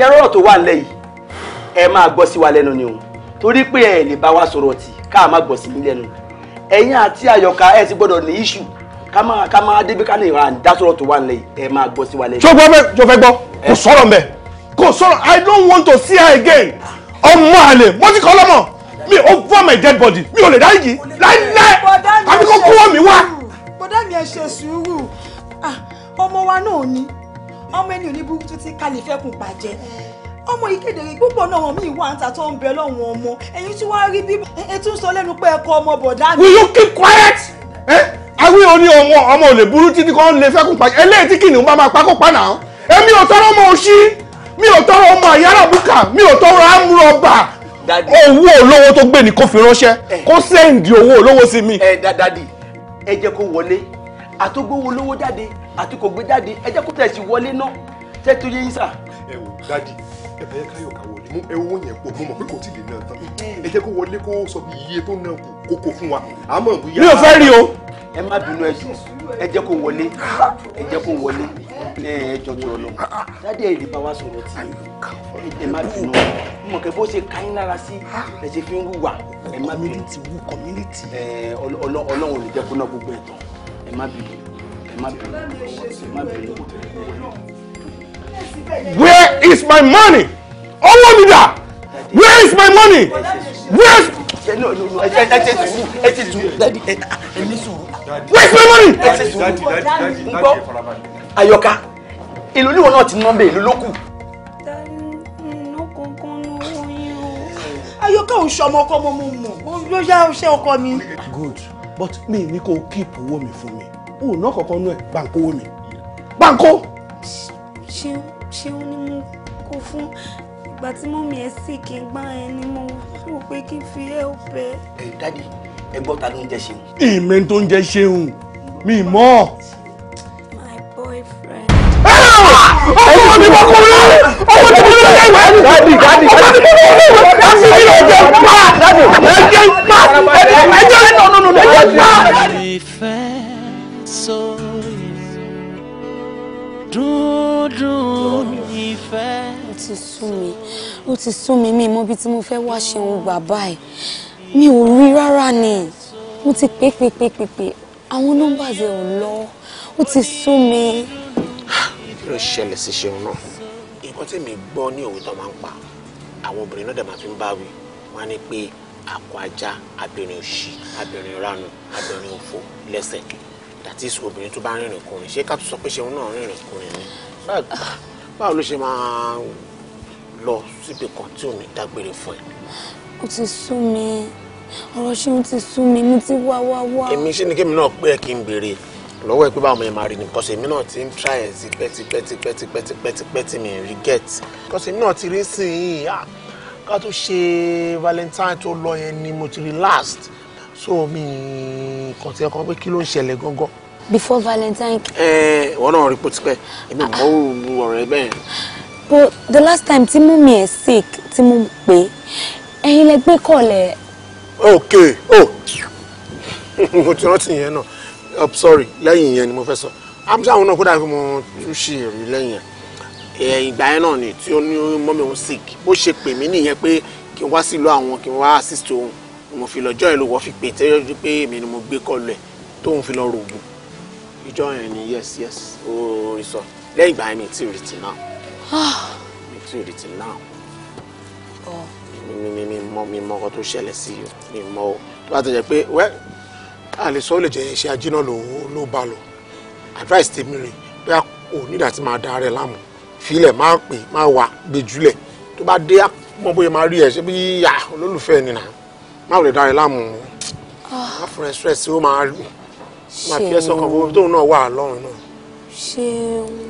ṣé rọrọ tó wà nílẹ̀ yìí ẹ máa gbọ́ sí wa lẹ́nu ni o torí pé ẹ lè bá wa sọ̀rọ̀ tì ká má gbọ́ sí mi lẹ́nu ẹ̀yin àti àyọkà ẹ ti gbọ́dọ̀ ní iṣu ká máa ká máa débi ká ní ìwà àǹdá sọ̀rọ̀ tó wà nílẹ̀ yìí ẹ máa gbọ́ sí wa lẹ́nu. ṣé o gbọ́ kò sọrọ mẹ́ kò sọrọ, i don't want to see her again ọmọ àlè mo ti kọ́ lọ́mọ mi over my dead body mi ò lè dáì yìí láíláí àbí wá. bọ́dá mi ẹ ṣe sùúrù ah, ọmọ wa náà ni ọmọ ẹni oníburúkú tó ti kalẹ̀ fẹ́ kùn pàjẹ́ ọmọ yìí púpọ̀ náà wọn míì wà ń ta tó ń bẹ lọ́wọ́n ọmọ ẹ̀yin tí wàá rí bí ètò sọ lẹ́nu pé ẹ̀kọ́ ọmọ bọ̀dá mi. will you keep quiet. awí o ní ọmọ ọmọ ò lè burú títí kan lè fẹ́ kún pàṣẹ eléyìí tí kìnìún bá máa pákó paná èmi ò tọrọ ọmọ òṣì mi ò tọrọ ọmọ àyàrá bùkà mi ò tọrọ àmúrọ̀bà owó olówó tó gbé ní kó fi ránṣẹ́ eh. kó sẹ́ǹdì owó olówó sí mi. ẹ eh, dádì ẹ jẹ́ kó wọlé àtógbówó lówó jáde àti kò gbé jáde ẹ jẹ́ kó tẹ̀sí wọlé náà tẹ́tù yé yín sà. ẹ wò dádì ẹ bẹ káyọ̀ ká wọlé mú ẹ owó yẹn pọ̀ mo mọ̀ pé kò tí lè ná tán ẹ jẹ́ kó wọlé kó sọ bí iye tó ná kókó fún wa àmọ́ bóyá. mi ò fẹ́ rí o. ẹ má bínú ẹ sùn ẹ jẹ́ kó wọlé ẹ jẹ́ kó wọlé ẹ jọ tó lọ dádì ẹ lè bá wa sọ̀rọ̀ tí ẹ má bínú mọ̀ kẹ́ bó ṣe ká yín lára sí ẹ ṣe fi ń wùwà ẹ má bínú. community wù community. ọlọ́run ò ní jẹ́ kó ná gbogbo ẹ̀ tán ẹ má bínú ẹ má bínú ẹ má bínú. Where is my money? Ọwọ́ mi dà! Where is my money? Where is ẹ ti tu dadi ẹ ní sùúrù. Where is my money? ẹ ti sùúrù n gbọ́ Ayọ̀ka ìlú níwọ̀n náà ti ná bẹ́ẹ̀ ìlú ló kù. Ayọ̀ka ò ṣọmọ ọkọ ọmọ mo mọ̀ ó yá ọṣẹ́ ọkọ mi. Good but me, ní kó keep owó mi fún mi o ò ná kankan nú ẹ̀ báńkó owó mi báńkó. ṣeun ṣeun ni mo kó fún ìgbà tí mọ́mí ẹ̀ sì kí n gbá ẹ ni mo rò pé kí n fi ẹ ò bẹ. ẹ dáàdi ẹ gbọ́ ta ló ń jẹ ṣeun. ìmẹ̀ tó ń jẹ mi mọ́. my boyfriend. Ah! ọmọ mi wọ́n kúrò ọmọ mi wọ́n kúrò dáàdi dáàdi dáàdi dáàdi mi ló jẹ́ ti sún mi mi mọ́ bí tí mo fẹ́ wá ṣeun bàbá ẹ̀ mi ò rí rárá ni mo ti pè pè pè pè pè àwọn nọ́mbà ẹ̀ ò lọ ó ti sún mi. kí ló ṣẹlẹ̀ sí ṣeun náà nǹkan tí mi gbọ́ ní òwe tó máa ń pa àwọn obìnrin náà dẹ̀ máa fi ń báwí wọn á ní pé àkọ ajá abìnrin òṣì abìnrin ranu abìnrin òfò lẹ́sẹ̀ that is obìnrin tó bá rìnrìn kùnrin ṣé ká tó sọ pé ṣeun náà rìnrìn kùnrin ni báwo ló ṣe máa lọ síbi kan tí ò ní dágbére fún ẹ. ó ti sú mi ọ̀rọ̀ ṣé ó ti sú mi mo ti wá wá wá. èmi ṣé ni kémi náà pé ẹ kí n béèrè lọ́wọ́ ẹ pé báwọn yẹn máa rí ni kọ́sẹ̀ èmi náà ti ń try ẹ̀ sí pẹ́tipẹ́tipẹ́tipẹ́tipẹ́tipẹ́ti mi rí get kọ́sẹ̀ èmi náà ti rí sí i ká tó ṣe valentine tó lọ yẹn ni mo ti rí last so mi kàn ti ẹ kàn pé kí ló ń ṣẹlẹ̀ gangan. before valentine. ẹ ẹ wọn náà rí pé tipẹ́ èmi ò mọ̀ òru ọ̀rọ̀ ẹ bẹ́ẹ̀ but the last time tí mú mi ẹ̀ sick tí mú pé ẹ̀yin lẹ gbé kọ̀lẹ̀. ok oh (laughs) mo ti rántí yẹn náà i'm oh, sorry lẹ́yìn yẹn ni mo fẹ́ sọ i'm sure àwọn náà kó dàbí mo tún ṣe èrè lẹ́yìn yẹn ìgbà yẹn náà ni tí ó ní mọ́mí òun sick bó ṣe pè mí nìyẹn pé kí n wá sílùú àwọn kí n wá assist òun mo fi lọ́jọ́ ẹ̀ ló wọ́ fi pè tẹ́lẹ̀ ju pé èmi ni mo gbé kọ̀lẹ̀ tóun fi lọ rògùn ìjọ yẹn ni yes yes ó rí sọ lẹ́yìn ìgbà yẹn mi ti rìtì náà mi tí ì till now. Oh. mi mi mi mọ mi mọ ọkọ tó ṣẹlẹ̀ sí i mi mọ o tó bá ti jẹ́ pé wẹ́ àlesọ ó lè jẹ́ iṣẹ́ ajé náà ló ló bá lọ advice tèmi rè pé o nígbà tí máa da rẹ láàmú filẹ̀ máa pè máa wà gbẹjúlẹ̀ tó bá dé mọ bóyá máa rí ẹ ṣe bí yà olólùfẹ́ nìyà má wùlẹ̀ da rẹ láàmú ah. má fún ẹ stress ó máa rí má fi ẹ sọkàn bó tóun náà wà lọ́rùn náà. ṣeun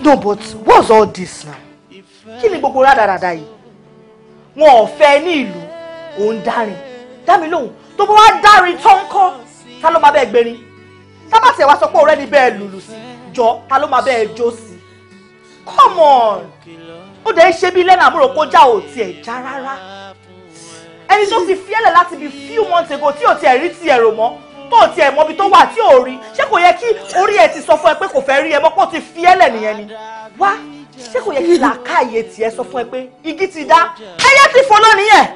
no but what's all this now kí ni gbogbo rádaràda yìí wọn ò fẹ́ ní ìlú òun dárin dámi lóhùn tó bá wá dárin tó ń kọ́ ta ló máa bẹ́ẹ̀ gbẹ̀rin tá bá tẹ̀ wá sọ pé ọ̀rẹ́ ni bẹ́ẹ̀ lùlù sí jọ ta ló máa bẹ́ẹ̀ jó sí come on ó dẹ̀ ṣe bí lẹ́nà àmúrò kó já ò tiẹ̀ já rárá ẹni tó ti fiẹ́lẹ̀ láti bí few months ago tí ò tiẹ̀ rí tiẹ̀ rò mọ́ tó tiẹ̀ mọ ibi tó wà tí ò rí ṣé kò yẹ kí orí ẹ ti sọ fún ẹ pé kò fẹ́ rí ẹ mọ́ pọ̀ ti fi ẹ́lẹ̀ nìyẹn ni wá ṣé kò yẹ kí làákàyè tiẹ̀ sọ fún ẹ pé igi ti dá ẹyẹ ti fọlọ nìyẹn.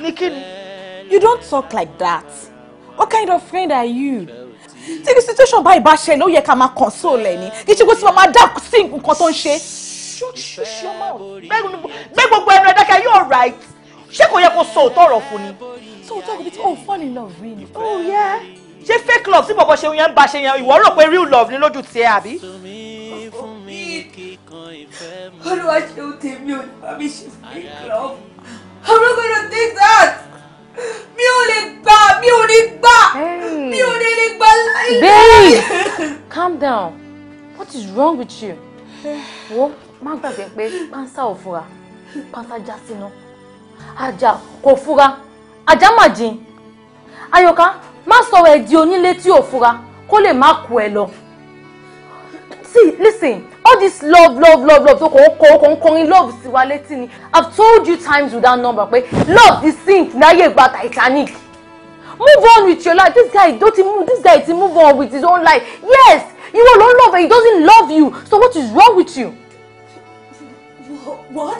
ní kí ni. you don't talk like that what kind of friend are you tí ní situation báyìí bá ṣẹlẹ̀ ó yẹ ká máa console ẹ̀ ní kí ṣe kó tí màmá dá sí nǹkan tó ń ṣe. shut your mouth gbé gbogbo ẹnu ẹ dákẹ́ you all right ṣé kò yẹ kó sọ òótọ́ fún ni. so òótọ́ kò bí tí fall in love really. oh, oh yeah. ṣé fake love tí bọ̀bọ̀ ṣe yẹn ń ba ṣe yẹn ìwọ rò pé real love ni lójú tiẹ̀ àbí. olúwa ṣe o tèmi ò ní bá mi ṣe fake love i'm not gonna take that mi ò lè gbà mi ò lè gbà mi ò lè lè gbà láì. babe calm down what is wrong with you (sighs) wo má gbàgbé pé pánsá ò fura pánsá já sínú àjà kò fura àjà mà jìn ayọ̀ká má sọ̀rọ̀ ẹ̀ di onílé tí ò fura kó lè má kú ẹ lọ. see listen all this love love love love tó kò kò kò ń kọrin love sí wa létí ni i've told you times without number pé love dey sink láyé gba Titanic move on with your life this guy don ti move this guy ti move on with his own life yes you were long love and he doesn't love you so what is wrong with you. what.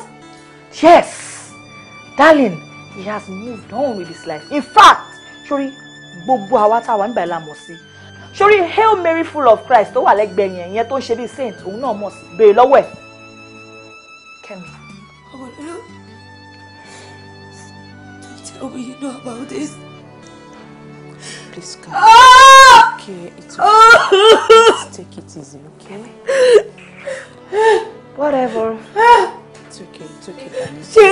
yes darling he has moved on with his life in fact sori gbogbo àwa tá a wà nígbà yẹn mọ̀ sí sori hail mary full of christ tó wà lẹ́gbẹ̀ẹ́ yẹn yẹn tó ń ṣe bíi saint òun náà mọ̀ sí béèrè lọ́wọ́ ẹ̀ kẹ́mi. Tell me you know about this. Please come. Ah! Okay, it's ah! okay. Ah! Let's take it easy, okay? (laughs) Whatever. Ah! it's okay it's okay ṣe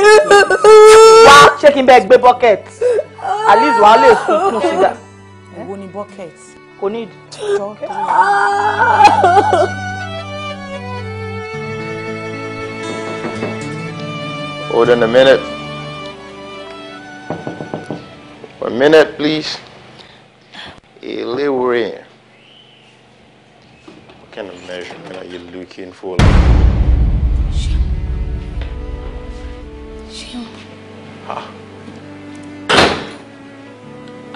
wá ṣé kí bucket at least wàá lè sunkún sídà. èwo ni need. kò ní ìdí. Hold on a minute. One minute, please. Illyria. What kind of measurement are you looking for? ṣeun.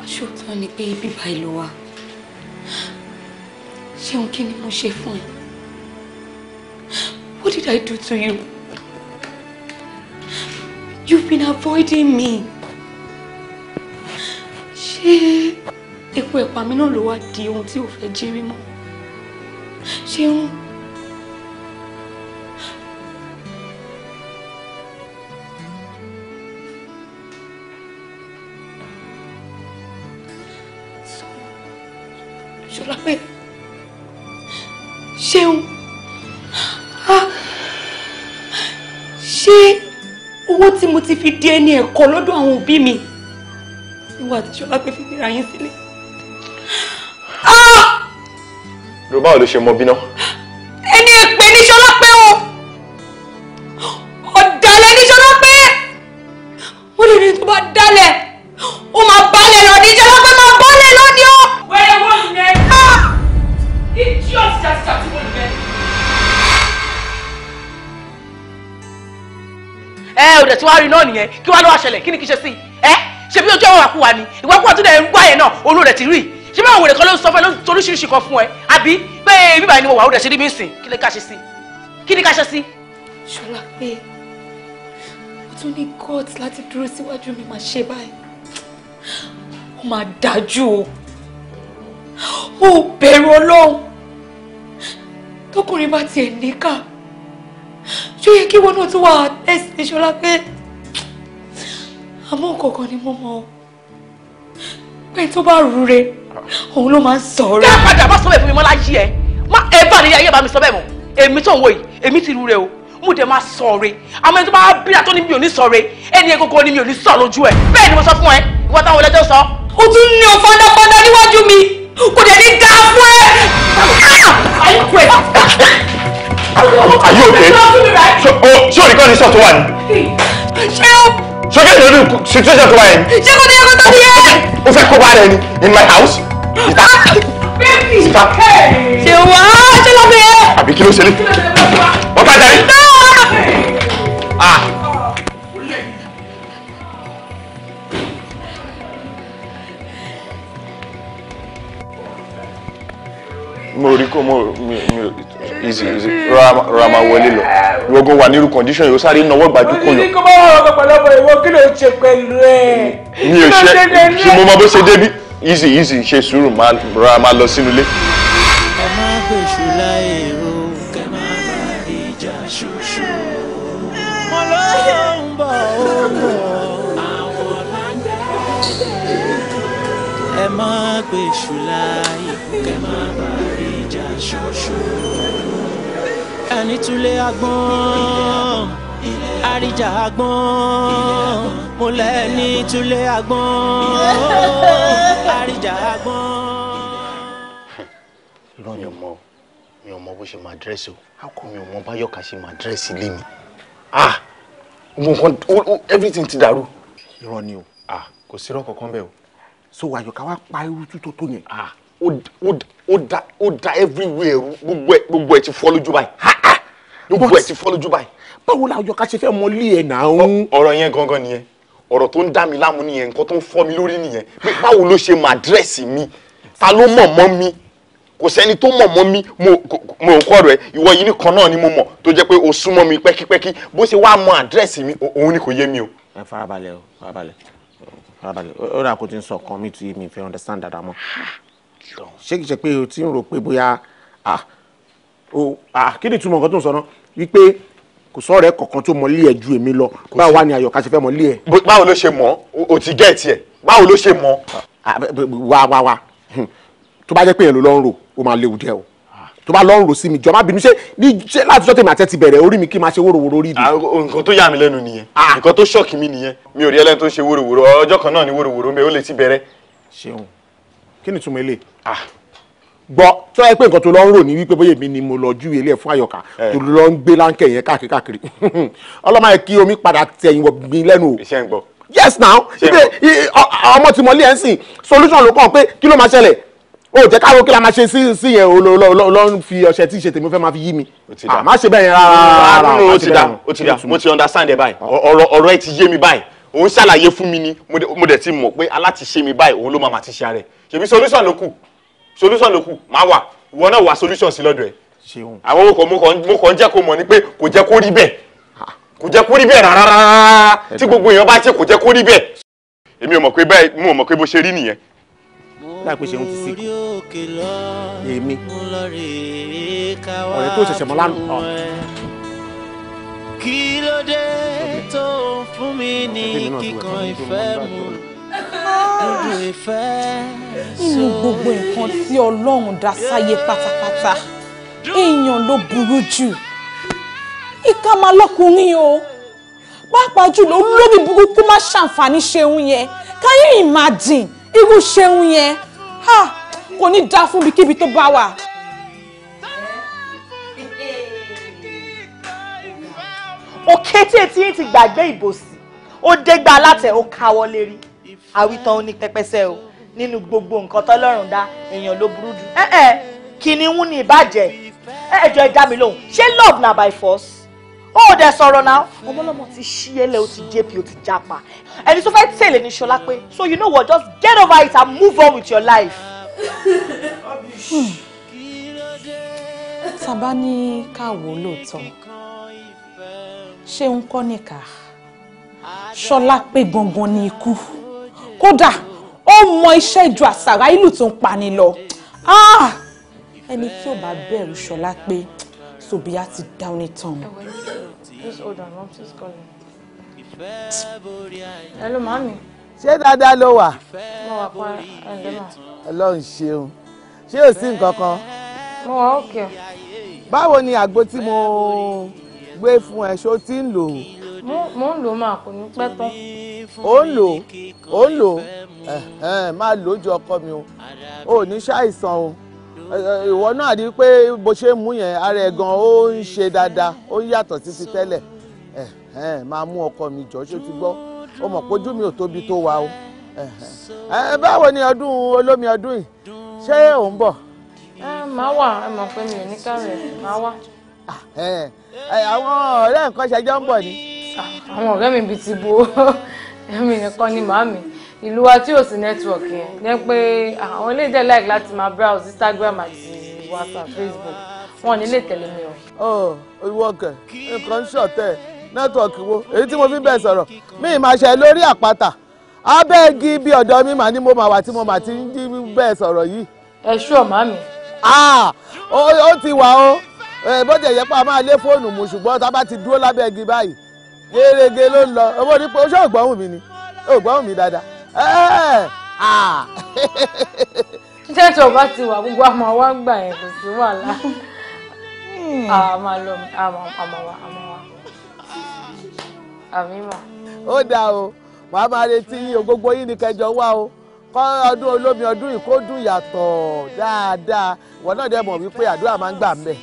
aṣòótọ́ ni pé bíbá ìlú wa ṣeun kí ni mo ṣe fún ẹ What did I do to you? You've been avoiding me. ṣé epo ẹ̀pà mi náà ló wá di ohun tí ò fẹ́ jírí mọ́ ṣeun. ṣeun ah. ṣé owó tí mo ti fi di ẹni ẹ̀kọ́ lọ́dọ̀ àwọn òbí mi ìwà àti ṣọlá pé fi ra yín sílẹ̀. yorùbá ò lè ṣe mọ bí náà. wá rí náà nìyẹn kí wá ló wá ṣẹlẹ̀ kí ni kí ṣe sí i ẹ ṣe bí ojú ẹwà kú wa ni ìwà kú wa tó dẹ̀ ń gbọ́ àyẹ̀ náà olú rẹ̀ ti rí ṣé báwo wèrè kan ló ń sọ fún ẹ ló ń toríṣiríṣi kan fún ẹ àbí pé bíbá ni mo wà ó rẹ̀ ṣe rí mi sìn kí ni ká ṣe sí kí ni ká ṣe sí. ṣọlá pé ó tún ní god láti dúró síwájú mi máa ṣe báyìí ó máa dájú o ó bẹ̀rù ọlọ́run tọkùnrin bá tiẹ̀ níkà ṣó yẹ kí wọn náà tún wà ẹsẹ̀ ṣọlá pé àmọ́ kọ̀ọ̀kan ni mo mọ̀ ọ́ pé tó bá rúre òun ló máa ń sọ̀rọ̀. dá padà bá sọ bẹ́ẹ̀ fún mi mọ́ láyé ẹ má ẹ bá nílé ayé bá mi sọ bẹ́ẹ̀ mọ́ èmi tó ń wò yìí èmi ti rúre o mo dẹ̀ máa sọ̀rọ̀ àmọ́ ẹni tó bá bí àtọ́ ni mi ò ní sọ̀rọ̀ ẹni yẹn gbogbo ni mi ò ní sọ̀rọ̀ lójú ẹ bẹ́ẹ̀ ni mo sọ fún ẹ ìwọ táwọn ọlẹ́jọ́ sọ. o tún ní o fọdáfọdá níwájú mi kò dẹ̀ ní dáa fún ẹ. ayé kú ẹ. ayé òkè ṣé o nìkan ní sọ́ọ̀tún wà ní. ṣé o sókè lórí situation tó wà yẹn. ṣé kò ní ẹ̀kọ́ tó yẹ. o fẹ́ kó bá rẹ ni in my house. ìta ìta. ṣe wá ṣe lọ bẹ. àbí kí ló ṣe lè. wọ́n bá darí. mo rí kó mo mi ò easy easy rọra máa wọlé lọ ìwọ́gun wà nírú condition yìí ó sáré náwó gbàdú kùn lọ. kí ló bá wà ọ̀pọ̀lọpọ̀ ìwọ kí ló ṣe pẹ̀lú ẹ̀. mi ò ṣe ṣe mo mọ bó ṣe débi easy easy ṣe sùúrù rọra máa lọ sínú ilé. ẹ má gbèsù ẹni túlé agbọ́n àríjà agbọ́n mo lẹ́ni túlé agbọ́n àríjà agbọ́n. irọ́ mi ò mọ mi ò mọ bó ṣe máa dírẹ́sì o a kò mi ò mọ báyọ̀ká ṣe máa dírẹ́sì ilé mi ah nǹkan everything ti dàrú. irọ́ ni o ah kò sí irọ́ kankan bẹ́ẹ̀ o so àyọ̀ká wa pa irú tútó tó yẹn. ah ó da ó da everywhere gbogbo ẹ gbogbo ẹ ti fọ́ lójú báyìí gbogbo ẹ ti fọ́ lójú báyìí báwo la yọ ká ṣe fẹ́ mọ lé ẹ̀ náà ń. ọ̀rọ̀ yẹn gangan nìyẹn ọ̀rọ̀ tó ń dá mi láàmú nìyẹn nǹkan tó ń fọ́ mi lórí nìyẹn pé báwo ló ṣe máa dírẹ́sì mi ta ló mọ̀ mọ́ mi kò sẹ́ni tó mọ̀ mọ́ mi mo kọ́ rẹ̀ ìwọ yìí nìkan náà ni mo mọ̀ tó jẹ́ pé o súnmọ́ mi pẹ́kípẹ́kí bó ṣe wá mọ àdírẹ́sì mi òun ni kò yé mi o. ẹ farabalẹ̀ o farabalẹ̀ farabalẹ̀ ó rà kó ti ń sọ kan mi tí mi fẹ́ understand dáadáa mọ́ ṣé kìí ṣe pé o ti ń rò pé bóyá à o à kí ni ìtumọ̀ nǹkan tó ń sọ náà wípé kò sọ̀rọ̀ ẹ kọ̀ọ̀kan tó mọ̀lé ẹ̀ ju èmi lọ báwo wá ni àyọ̀ká ṣe fẹ́ mọ̀lé ẹ̀. báwo ló ṣe mọ̀ o ti gẹ́ ẹ̀ tiẹ̀ báwo ló ṣe mọ̀. wá wá wá hmm. tó bá jẹ́ pé yẹn ló lọ́ ń rò ó máa léwu díẹ̀ o tó bá lọ ń rò sí mi jọ má bínú ṣe ní ṣe láti sọ tèmi àtẹ ti bẹ̀rẹ̀ orí mi kí n máa ṣe wóróworó rí ni. nǹkan tó yà mí lẹ́nu nìyẹn nǹkan tó ṣọ́ọ̀kì mi nìyẹn mi ò rí ẹlẹ́ni tó ṣe wóróworó ọjọ́ kan náà ni wóróworó ń bẹ ó lè ti bẹ̀rẹ̀. ṣeun kí ni túmọ̀ eléyìí ah gbọ́ tó yẹ pé nǹkan tó lọ ń rò ní wípé bóyá èmi ni mo lọ ju ilé ẹ̀ fún àyọkà eh. tó lọ ń gbé láńkẹ̀ yẹn káàkiri káàkiri (laughs) ọlọ́mọ yẹn kí omi padà tẹ̀yìn wọ̀ mí lẹ́nu o. iṣẹ́ ń gbọ́. yes now ibi ọmọ tí mo lé ẹ̀ ń sìn solution ló kàn pé kí ló máa ṣẹlẹ̀ o jẹ́ káwọ́ kí la máa ṣe sí yẹn o lọ ń fi ọṣẹ tí ì ṣe tèmi fẹ́ máa fi yí mi àmọ́ ah, ṣe bẹ́ẹ̀ yẹn rárá. Ah, o ti da o ti da mo ti understand ẹ báyìí ọ̀rọ̀ ẹ ti yé mi báyìí òun ṣàlàyé fún mi ni mo dẹ̀ ti mọ̀ pé aláti ṣe mi báyìí òun ló ṣèbí solution ló kù solution ló kù máa wà ìwọ náà wà solution sí lọ́dọ̀ ẹ̀ àwọn mo kàn mo kàn jẹ́ kó mọ̀ ni pé kò jẹ́ kó rí bẹ́ẹ̀ kò jẹ́ kó rí bẹ́ẹ̀ rárá tí gbogbo èèyàn bá jẹ́ kò jẹ́ kó rí bẹ́ẹ̀ èmi ò mọ̀ pé báyìí mo mọ̀ pé bó ṣe rí nìyẹn. láìpẹ́ ṣeun ti sìnkú èmi ọ̀rẹ́ tó ṣẹ̀ṣẹ̀ mọ́ lánàá. kí ló dé tó fún mi ní kíkan ìfẹ́ mu dúdú ìfẹ́ nínú gbogbo nǹkan tí ọlọ́run dá sáyé pátápátá èèyàn ló burú jù ìka máa lọ́kùnrin o pàápàá jùlọ olórí burúkú má ṣàǹfààní ṣeun yẹn can you imagine irú ṣeun yẹn ha kò ní dáa fún ibikíbi tó bá wà. òkè tí etí yín ti gbàgbé ìbòsí ó dégbà látẹ̀ ó káwọ́ lérí àwítán oní pẹpẹsẹ o nínú gbogbo nǹkan tọ́lọ́run dá èèyàn ló burú jù ẹ ẹ kìnnìún ní ìbàjẹ́ ẹ ẹ jọ ẹ dá mi lóhùn ṣé love na by force ó dẹ sọ̀rọ̀ náà ọmọlọ́mọ ti ṣí ẹlẹ́ o ti jẹ́bi o ti japa ẹni tó fẹ́ tẹ̀lé ní ṣọlá pé so you know what just get over it and move on with your life. tàbá ní káwọ́ lóòótọ́ ṣé ń kọ́ nìkà ṣọlá pé gangan ni ikú kódà ó mọ iṣẹ́ ìjọ àṣàrà ìlú tó ń pani lọ ah! ẹni tí ò bá bẹ̀rù ṣọlá pé sobia ti dáwọn ní tán. hello mami. ṣé dáadáa ló wà. mo wà pa ẹ̀ǹdẹ́ náà. ọlọ́run ṣeun ṣé ò sí nǹkan kan. mo wà ókè. báwo ni àgbo tí mo gbé fún ẹ ṣó ti ń lò ó mo ń lò máa kò ní pẹ́ tán. ó ń lò ó ń lò máa lò ju ọkọ mi o ò ní ṣàìsàn o ìwọ náà rí i pé bó ṣe mú yẹn ara ẹ̀ gan ó ń ṣe dáadáa ó ń yàtọ̀ sí tẹ́lẹ̀ máa mú ọkọ mi jọ ṣó ti gbọ́ ó mọ̀ pé ojú mi ò tóbi tó wa o báwo ni ọdún olómi ọdún yìí ṣé ò ń bọ̀. máa wà ẹ mọ̀ pé mi ò ní kárẹ̀ máa wà. àwọn ọ̀rẹ́ nǹkan ṣẹjọ́ ń bọ̀ ni àwọn ọ̀rẹ́ mi bíi ti bo (laughs) èmi nìkan ni màámi ìlú wa tí ò sí network yẹn jẹ́ pé àwọn ilé ìdẹ́ like láti máa browse Instagram àti WhatsApp Facebook wọn ní lè tẹ̀lé mi o. ọ ìwọ kẹ nǹkan ń ṣọtẹ network wo èyí tí mo fi bẹ́ẹ̀ sọ̀rọ̀ mi ì máa ṣe lórí àpáta abẹ́ igi bí ọ̀dọ́ mi màá ní mo máa wà tí mo máa ti ń bẹ́ẹ̀ sọ̀rọ̀ yìí. ẹ ṣú ọ̀ màámi. ó ti wà o bó ti ẹ̀yẹ́ pa máa lé fóònù mu ṣùgbọ́n tá a bá ti dúró lábẹ́ igi báyìí erege ló ń lọ owó ní pé ó ṣe ògbọ́hùn mi ni ògbọ́hùn mi dáadáa tẹ́tọ̀ bá ti wà gbogbo àmọ́ wa ń gbà yẹn kò sí wàhálà àmà hmm. lọ àmà wa àmà wa àmì mà. ó dáa o màá máa retí gbogbo yín ní kẹjọ wá o kọ́ ọdún olómi ọdún ìkódùn yàtọ̀ dáadáa ìwọ náà dẹ̀ mọ̀ wípé àdúrà máa ń gbà mẹ́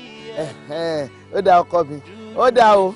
ó dáa ọkọ mi ó dáa o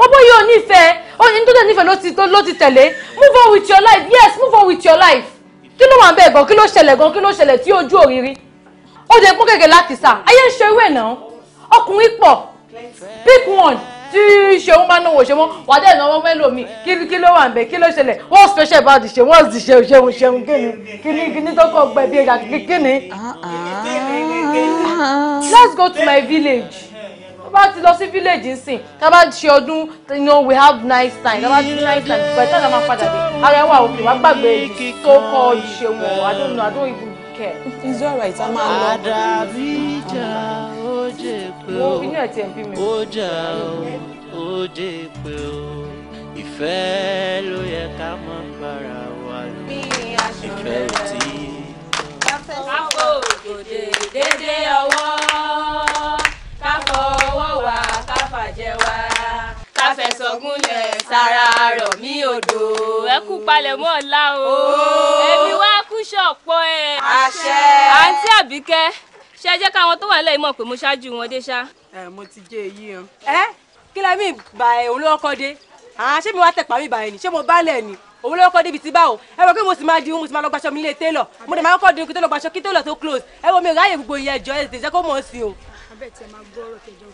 bọ́bọ́ yìí ò nífẹ̀ẹ́ oyin tó dẹ̀ nífẹ̀ẹ́ ló ti tẹ̀lé move on with your life yes move on with your life kí ló wà ń bẹ̀ gan kí ló ṣẹlẹ̀ gan kí ló ṣẹlẹ̀ tí ojú òrìrì ó dẹ̀ pọ́n kékeré láti sà ayé ń ṣe ewé náà ọkùnrin pọ̀ pick one tí ṣeun bá náwó ṣe mọ́ wà á dẹ̀ náwó mẹ́lòmíì kí ló wà ń bẹ̀ kí ló ṣẹlẹ̀ what's special about the ṣeun what's the ṣeun ṣeun ṣeun kí ni kí ni kí ni tó kọ́ gbẹ̀bí ẹ̀dá kí ni. Ah, ah. let's go to my village bá ti lọ sí village nsìn tá bá ṣe ọdún you know we have nice time tá bá ṣe nice time but tá a máa padà dé ara ẹ wà òkè wá gbàgbé yìí tó kọ ìṣe wọn I don't know I don't even care. it's alright a máa lọ. àdàbí ìjà ó jẹ́ pé ó inú ẹ̀ tiẹ̀ ń bí mi. ó jà ó jẹ́ pé ó ìfẹ́ ló yẹ ká máa ń bára wa lò ìfẹ́ ò tí. àpò òdòdó dédé ọwọ́ wa ká fàjẹ wa ká fẹsọ̀ gúnlẹ̀ sára rọ̀ mí odò. ẹ kú palẹ̀ mọ́ ọ̀la o èmi wá kú ṣọ̀pọ̀ ẹ̀. àṣẹ. àǹtí àbíkẹ́ ṣe jẹ́ káwọn tó wà lẹ́yìn mọ̀ pé mo ṣáájú wọn dé ṣá. ẹ mo ti jẹ èyí o. ẹ kí lẹ́mí bá ẹ òun ló kọ́ dé ṣé mi wá tẹ̀pá mi bá ẹ nì ṣé mo bá lẹ̀ ni òun ló kọ́ débi tí báwo ẹ wọ pé mo sì máa di mo sì máa lọ gbaṣọ mi lé télọ̀ mo dẹ̀ máa kọ́ dín kí télọ̀ gbaṣọ kí télọ̀ tó close ẹ wọ mi ò ráyè gbogbo ìyẹn ẹjọ́ ẹ̀ tẹ̀sẹ̀ kó mọ̀ ọ́ sí o bẹ́ẹ̀ tí ẹ máa gbọ́ ọ̀rọ̀ kẹjọ.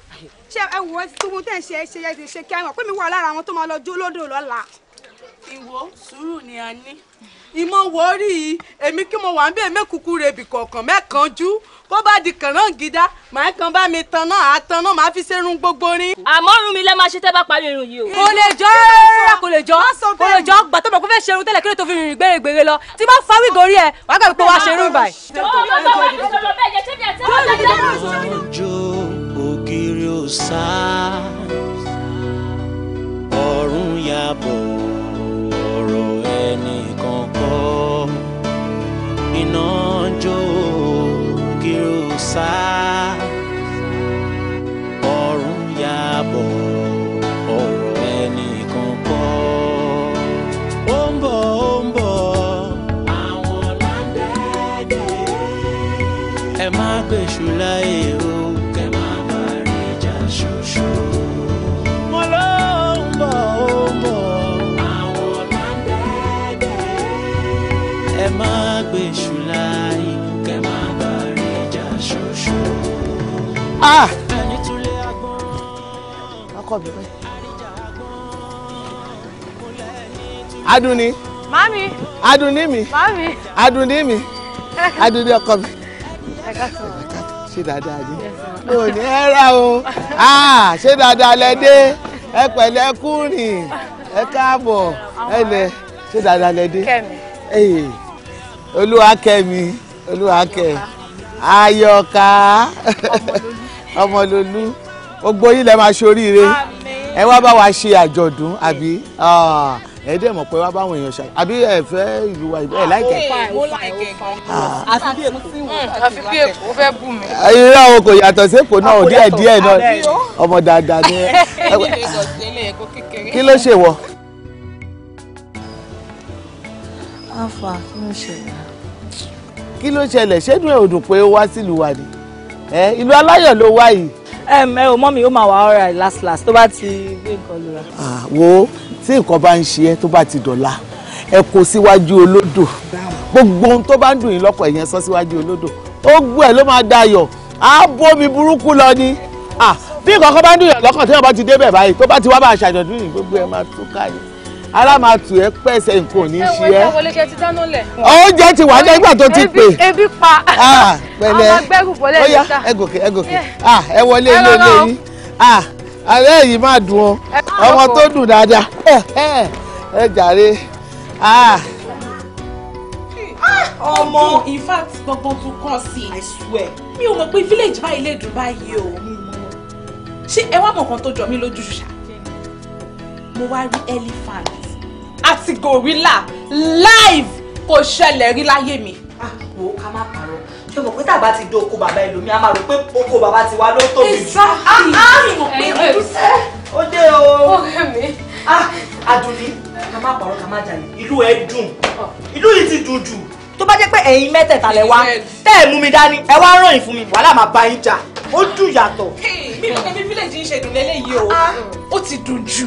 ṣé ẹ wọ tuntun tẹ́ ń ṣe ṣe ẹ ti ṣe kí ẹ mọ̀ pé mi wà lára àwọn tó máa lọ jó lódò lọ́la. ìwọ sùúrù ni a ní ìmọ̀ wọ́ọ́rì èmi kí mo wà ń bẹ̀ mẹ́kùkù rebì kọ̀ọ̀kan mẹ́kànjú kó bá di kànáà gidá màá kan bá mi tan náà àtàn náà màá fi sẹ́run gbogbo rin. àmọ́ irun mi lẹ́ máa ṣe tẹ́ bá parí irun yìí o. kò lè jọ ẹ́ kò lè jọ kò lè jọ gbà tó bọ̀ kó fẹ́ ṣerun tẹ́lẹ̀ kí ló tó fi rìn gbèrègbèrè lọ tí bá fa wíìgì orí ẹ̀ wàá gbà pé wàá ṣerun báyìí. ọ̀run yàbọ̀ ọ̀rọ̀ iná jó kí ó Ah! (laughs) ọkọ mi pẹ́. Adunni. Mami. Adunni mi. Mami. Adunni mi. Adunni ọkọ mi. Ṣé dáadáa ni? Mo ní ẹ o. Ah, ṣé dáadáa lẹ Ẹ pẹ̀lẹ́ kúrìn. Ẹ káàbọ̀. Ẹ Ṣé dáadáa Olúwa Olúwa Ọmọ ọmọlólú gbogbo yín lẹ máa ṣoríire ẹ wá bá wa ṣe àjọ̀dún àbí ah, ẹ dẹ̀ mọ̀ pé wá báwọn èèyàn ṣe àbí ẹ fẹ́ ìlú wa ẹ láìkẹ́. Ah. àfi bí èkó mm, àfi bí èkó fẹ́ bù mí. Ah, irú àwọn kò yàtọ̀ sí èkó náà díẹ̀ díẹ̀ náà ọmọ dáadáa ni. (laughs) kí ló ṣe wọ. afa kí ló ṣe. kí ló ṣẹlẹ̀ ṣẹ́dùn ẹ̀ ò dùn pé ó wá sílùú wa ni ìlú aláyọ̀ ló wá yìí. ẹ ẹ o mọ́mí ó máa wà ọ̀rọ̀ last last tó bá ti gbé nǹkan lura. wo tí nǹkan bá ń ṣe ẹ tó bá ti dọ̀la ẹ kó síwájú olódò gbogbo ohun tó bá ń dùn yín lọ́kọ̀ ẹ̀yẹn sọ síwájú olódò ó gbọ́ ẹ̀ ló máa dayọ̀ á bómi burúkú lọ ni bí nǹkan kan bá ń dùn yàn lọ́kàn tí wọ́n bá ti débẹ̀ báyìí tó bá ti wá bá aṣàjọ̀dún yìí gbogbo ẹ̀ máa túká yìí alámàtù ẹ pẹ̀sẹ̀ nǹkan ò ní ṣe ẹ́. oúnjẹ ti wà nígbà tó ti pè. ebi pa ah, (laughs) pẹ̀lẹ́ ọyá ẹ gòkè ẹ gòkè ah, ẹ wọlé ilé ilé yín alẹ́ ah, yìí máa dùn ọ ọmọ tó dùn dáadáa eh, eh, ẹ jàre ọmọ in fact gbọ̀ngàn tún kàn sí i swear mi ò mọ̀ pé village báyìí lè dùn báyìí o ṣé ẹ wá mọ̀ kan tó jọ mí lójú ṣá mo wá rí elephant àti gorilla live kò ṣẹlẹ̀ rí láyé mi. àpò ah, ká má parọ́ ṣé mo pé tàbá ti do oko bàbá ẹlòmíì a máa rò pé oko bàbá ti wá ló tóbi jù. Ah, ah, ó dé o Adùnní ká má parọ́ ká má jalè ìlú ẹ dùn ìlú yìí ti dùn jù tó bá jẹ́ pé ẹ̀yin mẹ́tẹ̀ẹ̀ta lẹ wá tẹ́ ẹ̀ mú mi dání ẹ wá ràn yín fún mi wàhálà máa bá yín jà ó dùn yàtọ̀. mi ò ní bí fílẹ̀jì ń ṣe dùn lélẹ́yìí o ó ti dùn jù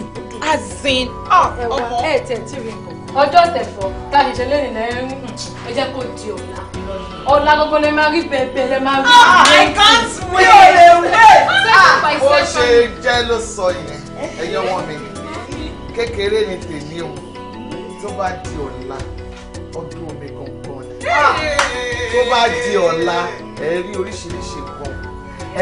azin ah, ọmọ ẹ tẹ tí rí nǹkan. ọjọ́ tẹ̀fọ́ tá a ṣẹ̀ṣẹ̀ lónìí ń ẹ jẹ́ kó di ọ̀la ọ̀la gbogbo lè máa rí bẹ̀ẹ̀bẹ̀ lè máa rí. Ah, I can't wait. Ah, bó ṣe jẹ́ ló sọ yẹn ẹ̀yin ọmọ mi kékeré ni tèmi o tó bá di ọ̀la ọdún omi gangan ni tó bá di ọ̀la ẹ rí oríṣiríṣi nǹkan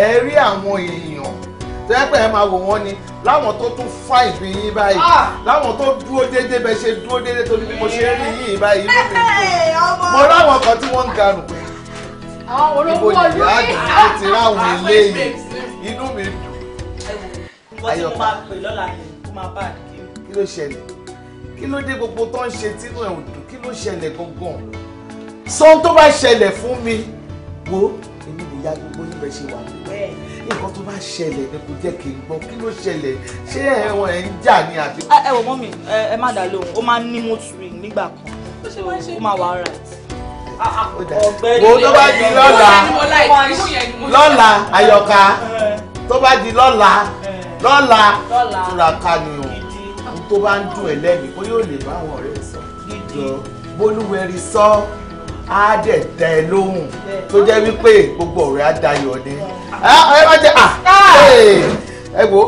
ẹ rí àwọn èèyàn tẹ́pẹ́ ẹ máa wò wọ́n ni láwọn tó tún fà ìbí yín báyìí ah! láwọn tó dúró déédéé bẹ́ẹ̀ ṣe dúró déédéé torí bí mo ṣe rí yín báyìí inú mi dùn mo láwọn kan tí wọ́n ń garùn pé ibo ìyá àdúgbò ti ráhùn ah! ilé yìí inú mi dùn. ayọ̀ká mo máa pè lọ́la yẹn kó máa bá àdìgí. kí ló ṣẹlẹ̀ kí ló dé gbogbo tó ń ṣe tínú ẹ̀ ò dùn kí ló ṣẹlẹ̀ gangan sọ́n tó bá ṣẹlẹ̀ fún mi wo èmi lè ya gbogbo níbẹ̀ ṣe wà. bẹ́ẹ̀ ni nǹkan tó bá ṣẹlẹ̀ ni kò jẹ́ kí n gbọ́ kí ló ṣẹlẹ̀ ṣé ẹ̀wọ̀n ẹ̀ ń jà ní àti. ẹ wò mọ́mì ẹ má dà lóhùn ó máa ń ní mọ́túrì nígbà kan so ó máa wà right. wo tó bá di lọ́la lọ́la àyọ̀ká tó bá di lọ́la lọ́la túraká ni o ohun tó bá ń dùn ẹ̀ lẹ́mìí bóyá ò lè bá àwọn ọ̀rẹ́ sọ bólúwẹ̀rí sọ á dẹ̀ tẹ́ ẹ lóhùn tó jẹ́ wípé gbogbo ọ̀rẹ́ á dayọ̀ ni ah, ẹ má jẹ́ ah, ah! ẹ wo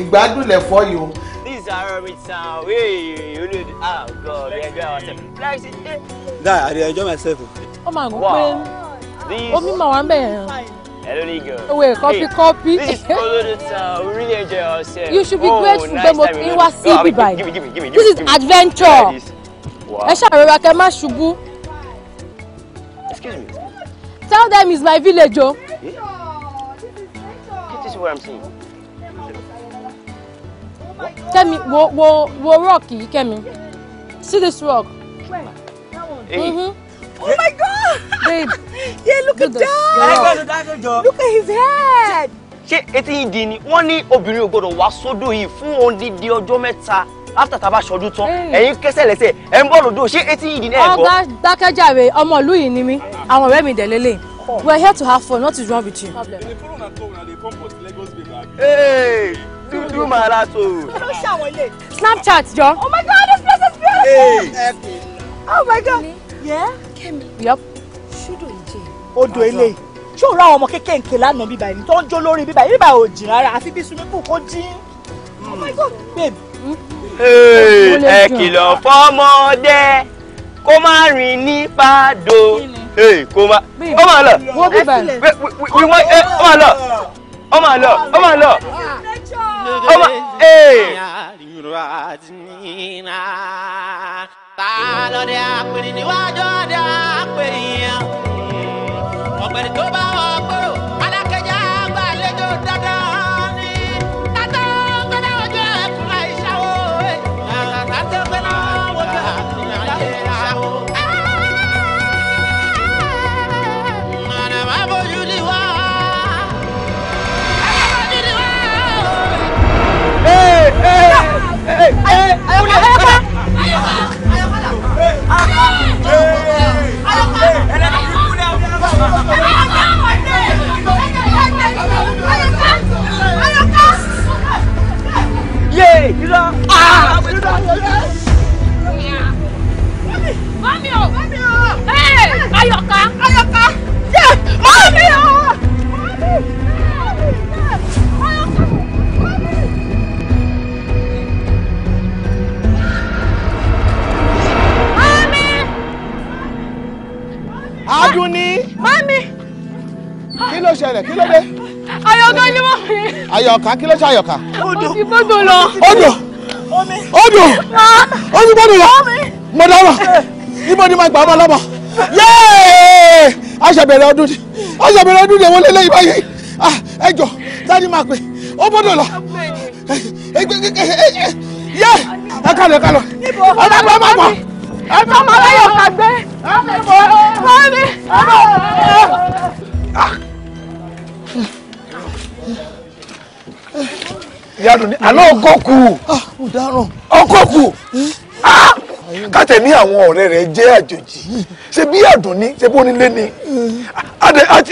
ìgbádùn lẹ̀fọ́ yìí o. these are our town wey you know the ah god we enjoy ourselves like say eh. guy i dey enjoy myself. ó máa gún pé omi máa wà ń bẹ̀rẹ̀ hàn. Hello, Nigo. Wait, copy, hey, copy. This is Colorado town. We really enjoy ourselves. You should be oh, grateful nice Bemo Iwa Sibi by. This is adventure. Ẹ ṣàrẹ̀wá kẹ́ má ṣubú. Excuse me. Tell them it's my village, oh. Hmm? Can't you see is what I'm saying. me, wo wo wo rock yìí, Kemi. See this rock. Where? That one. Hey. mm Oh my God! Babe. (laughs) yeah, look at that. Look at his head. She, etí yìí di ni? Wọ́n ní obìnrin ò gbọ́dọ̀ wá sódò yìí fún òǹdí di ọjọ́ mẹ́ta after tá a bá ṣọdún tán ẹ̀yin kẹsẹ̀ lẹ́sẹ̀ ẹ̀ ń bọ̀ lọ́dọ̀ ṣé etí yìí ní ẹ̀kọ́. ọba dákẹ́jàre ọmọ ìlú yìí ni mí àwọn ọ̀rẹ́ mi dẹ̀ lélẹ̀ we are here to have fun nothing wrong with you. dúdú máa la so. snapchat jọ. oh my god this place is beautiful. Hey, oh my god. kẹ́mi. yep. ṣúdò ìjẹ́. odò eléyìí ṣó ra àwọn ọmọ kékèké lánàá bíbá ẹni tó ń jó lórí bíbá yìí bíbá ò jìn rárá àfi bí sunmi kù kó jín. oh my god babe. Hmm? ẹ kìlọ̀ fọ́mọdé kó má rìn ní pàdó kó má ó má lọ ó má lọ ó má lọ ó má lọ ó má ta ló dé àpèrè níwájú ọdẹ àpèrè yẹn ọ̀pẹ̀rẹ̀ tó bá wà pẹ̀rọ. Ayọ̀ká! Ayọ̀ká! Yeah! Mami! Mami! ṣẹlẹ̀ kí ló dé. ayọ̀ká ni wọ́n fi. ayọ̀ká kí ló ṣe ayọ̀ká. odò odò odò lọ. odò odò ah. omi gbọ́dọ̀ lọ mo dáná ibo ni màá gbà ọmọ lọ́mọ yéé a ṣe bẹ̀rẹ̀ ọdún ni a ṣe bẹ̀rẹ̀ ọdún ni èwo lélẹ́yìn báyìí ah, ẹ jọ sani máa pè ó gbọ́dọ̀ lọ yé ẹ kálọ ẹ kálọ ẹ má bọ ẹ má bọ ẹ má bọ ẹ yọ kàgbé ẹ má bọ ẹ má bọ yàrá ni àná ọkọ kù ah, ah, ọkọ kù hmm? ah, kátẹ ní àwọn ọ̀rẹ́ rẹ̀ jẹ́ àjòjì hmm. ṣe bí àdùnní ṣe bó nílé ni hmm.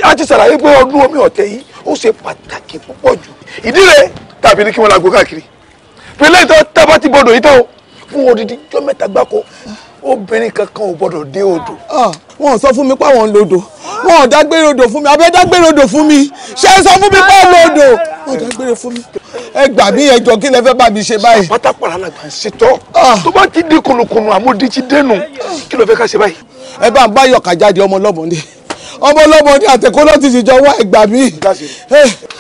a ti ṣàlàyé pé ọdún omi ọ̀tẹ̀ yìí ó ṣe pàtàkì púpọ̀ jù ìdílé tàbí ní kí wọ́n la gbó káàkiri pé lẹ́yìn tó tábà ti bọ̀dọ̀ yìí tó fún odidi jọ́ mẹ́ta gbáko obìnrin kankan ò gbọdọ̀ dé odò. Ah, ah, wọn sọ fún mi pé àwọn ń lo odò wọn ò dágbére odò fún mi abẹ́ dágbére odò fún mi ṣé ẹ sọ fún mi pé ń lo odò wọn ò dágbére fún mi. ẹ gbà mí ẹ kí lẹ fẹ́ bá mi ṣe báyìí. pátápàrà làgbà ń ṣetọ́ ah. tó bá ti di kùnùkùnù àmúdi ti dẹnu kí ló fẹ́ ká ṣe báyìí. ẹ bá ń bá yọkà jáde ọmọ ọlọ́mọdé ọmọ ọlọ́mọdé àtẹ̀kọ́ lọ́ọ́ ti ṣèjọ wá ẹgbà mí.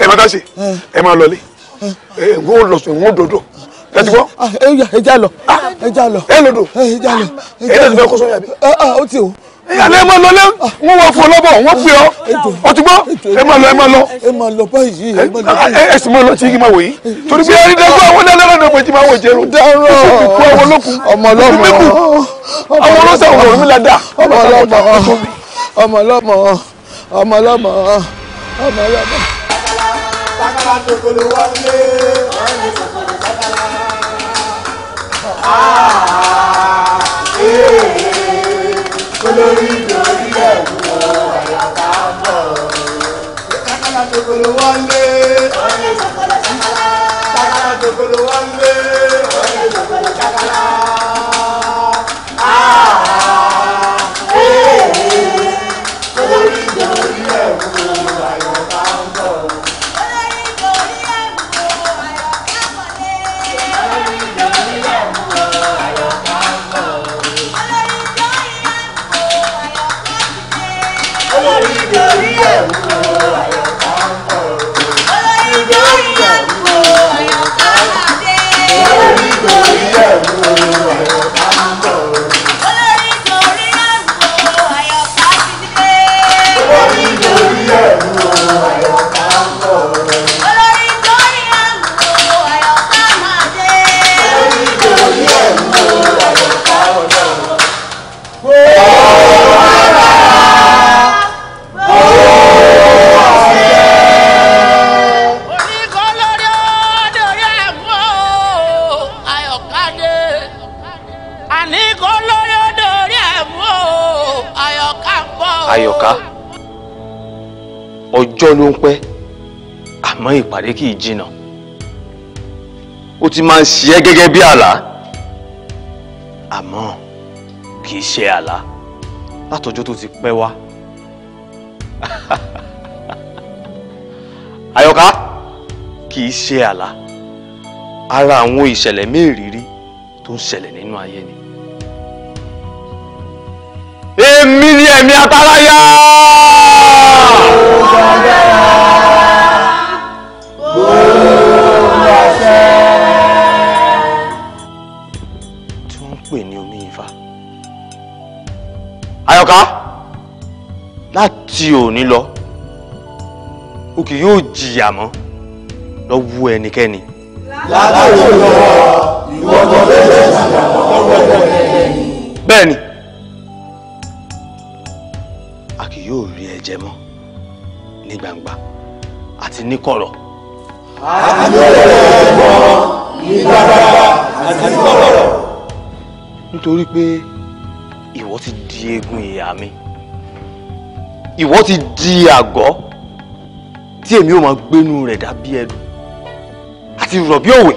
ẹ má dá sí eh. ẹ má eh. eh. lọ ẹ ti gbọ́. Ah, ẹ já lọ ah, ẹ já lọ ẹ lòdò eh, ẹ já lọ ẹ já lọ ẹ lòdò fẹ́ kó sọ́yà bí. Eh, eh, ó ti o. ìyàlẹ́ mọ̀ lọ lẹ́ ah, wọ́n wọ fún ọ lọ́bọ̀ wọ́n pè ọ́ ọtí gbọ́ ẹ máa lọ ẹ máa lọ. ẹ máa lọ báyìí ẹ máa lọ báyìí. ẹ sì máa lọ tí kì í máa wò yìí torí bí ẹni dẹ́gbọ́ àwọn ẹlẹ́rọ náà pèjì máa wò jẹ́rù. dárò ọmọ ọlọ́mọ ọmọ ọlọ́mọ ọmọ ọlọ́mọ ọmọ ọlọ́mọ olórí lórí ẹ̀wọ̀ àyàká bọ̀. Sakala tokolo wọlé. Sakala tokolo wọlé. pàdé kì í jìnnà ó ti máa ń ṣe ẹ́ gẹ́gẹ́ bí àlá àmọ́ kì í ṣe àlá látọjọ́ tó ti pẹ́ wá (laughs) àyọká kì í ṣe àlá ara àwọn ìṣẹ̀lẹ̀ mérìírí tó ń ṣẹlẹ̀ nínú ayé ni. èmi ni ẹ̀mí àtàráyà. tí ò ní lọ o kì yóò jìyà mọ́ lọ́wọ́ ẹnikẹ́ni. látàrí lọ́wọ́ ìwọ kò lè lè jìyà mọ́ lọ́wọ́ ẹnikẹ́ni. bẹ́ẹ̀ni a kì yóò rí ẹ̀jẹ̀ mọ́ ní gbangba àti ní kọ̀rọ̀. a kì yóò rí ní gbangba àti ní kọ̀rọ̀. nítorí pé ìwọ ti di eegun ìyá mi ìwọ ti di àgọ́ tí èmi ò máa gbénu rẹ̀ dàbí ẹdùn àti rọ̀bí òwe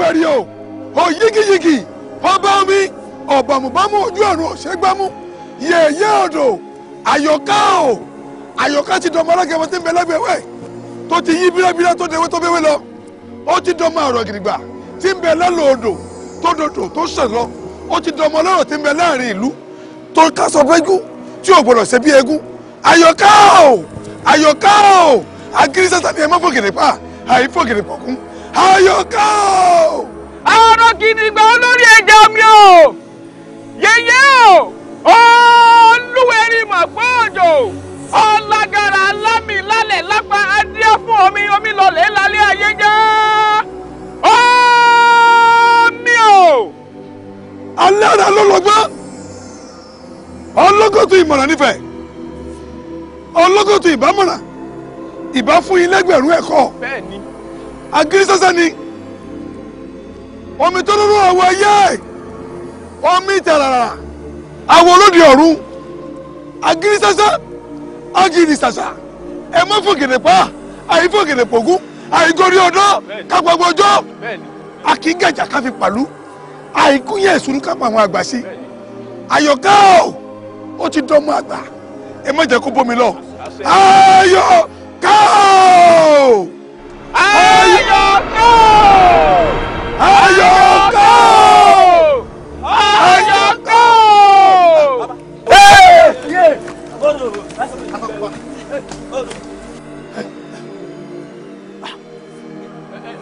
wẹ̀rì o ò yígiyígi ọba omi ọ̀bàmùbámú ojú ọ̀run ọ̀ṣẹ́gbámú yẹ̀yẹ́ odò àyọ̀ká o àyọ̀ká ti dọ̀mọ́ alágẹ̀mọ́ tí ń bẹ lẹ́gbẹ̀wẹ̀ tó ti yí bírẹ́bírẹ́ tó dẹ̀wé tó fẹ́wé lọ ó ti dọ̀mọ́ ọ̀rọ̀ gidigba tí ń bẹ lẹ́lọ odò tó dòdò tó sàn lọ ó ti dọ̀mọ́ lọ́rọ̀ tí ń bẹ láàrin ìlú tó kásọ̀ fẹ́gún tí ò gbọ́dọ̀ ṣe bí egún àyọ̀ká o àyọ̀ká o agirisátani ẹ̀ má fògèrè pa àyífògèrè pọ̀kún àyọká o. ọ̀rọ̀ gidigba olórí ẹja mi o yẹyẹ o olúwẹ̀rí màgbọ́ òjò ọlágara lámì lálẹ̀ lápá adíẹ fún omi omi lọlẹ̀ lálẹ́ ayé jẹ́ omi o. alẹ́ ara ló lọ́gbọ́n ọlọ́gọ́tù ìmọ̀ràn nífẹ̀ẹ́ ọlọ́gọ́tù ìbámọ̀ràn ìbá fún ilé ẹgbẹ̀rún ẹ̀kọ́. bẹ́ẹ̀ ni agiri sẹsẹ ni omi tó dúró àwọ̀ ẹyẹ omi tẹ̀rẹ̀rẹ̀ àwọ̀ olóde ọ̀run agiri sasa, agiri sàṣà ẹ má fògèdè pa àyè fògèdè pògún àìgorí ọdọ kápágbọjọ akíngajà káfi pàlú àìkúnyẹ ìṣúnú kápá àwọn àgbà sí àyọká o ó ti dọmọ àgbà ẹ má jẹ kó bómi lọ àyọká o. Ayọ̀ká! Ayọ̀ká! Ayọ̀ká!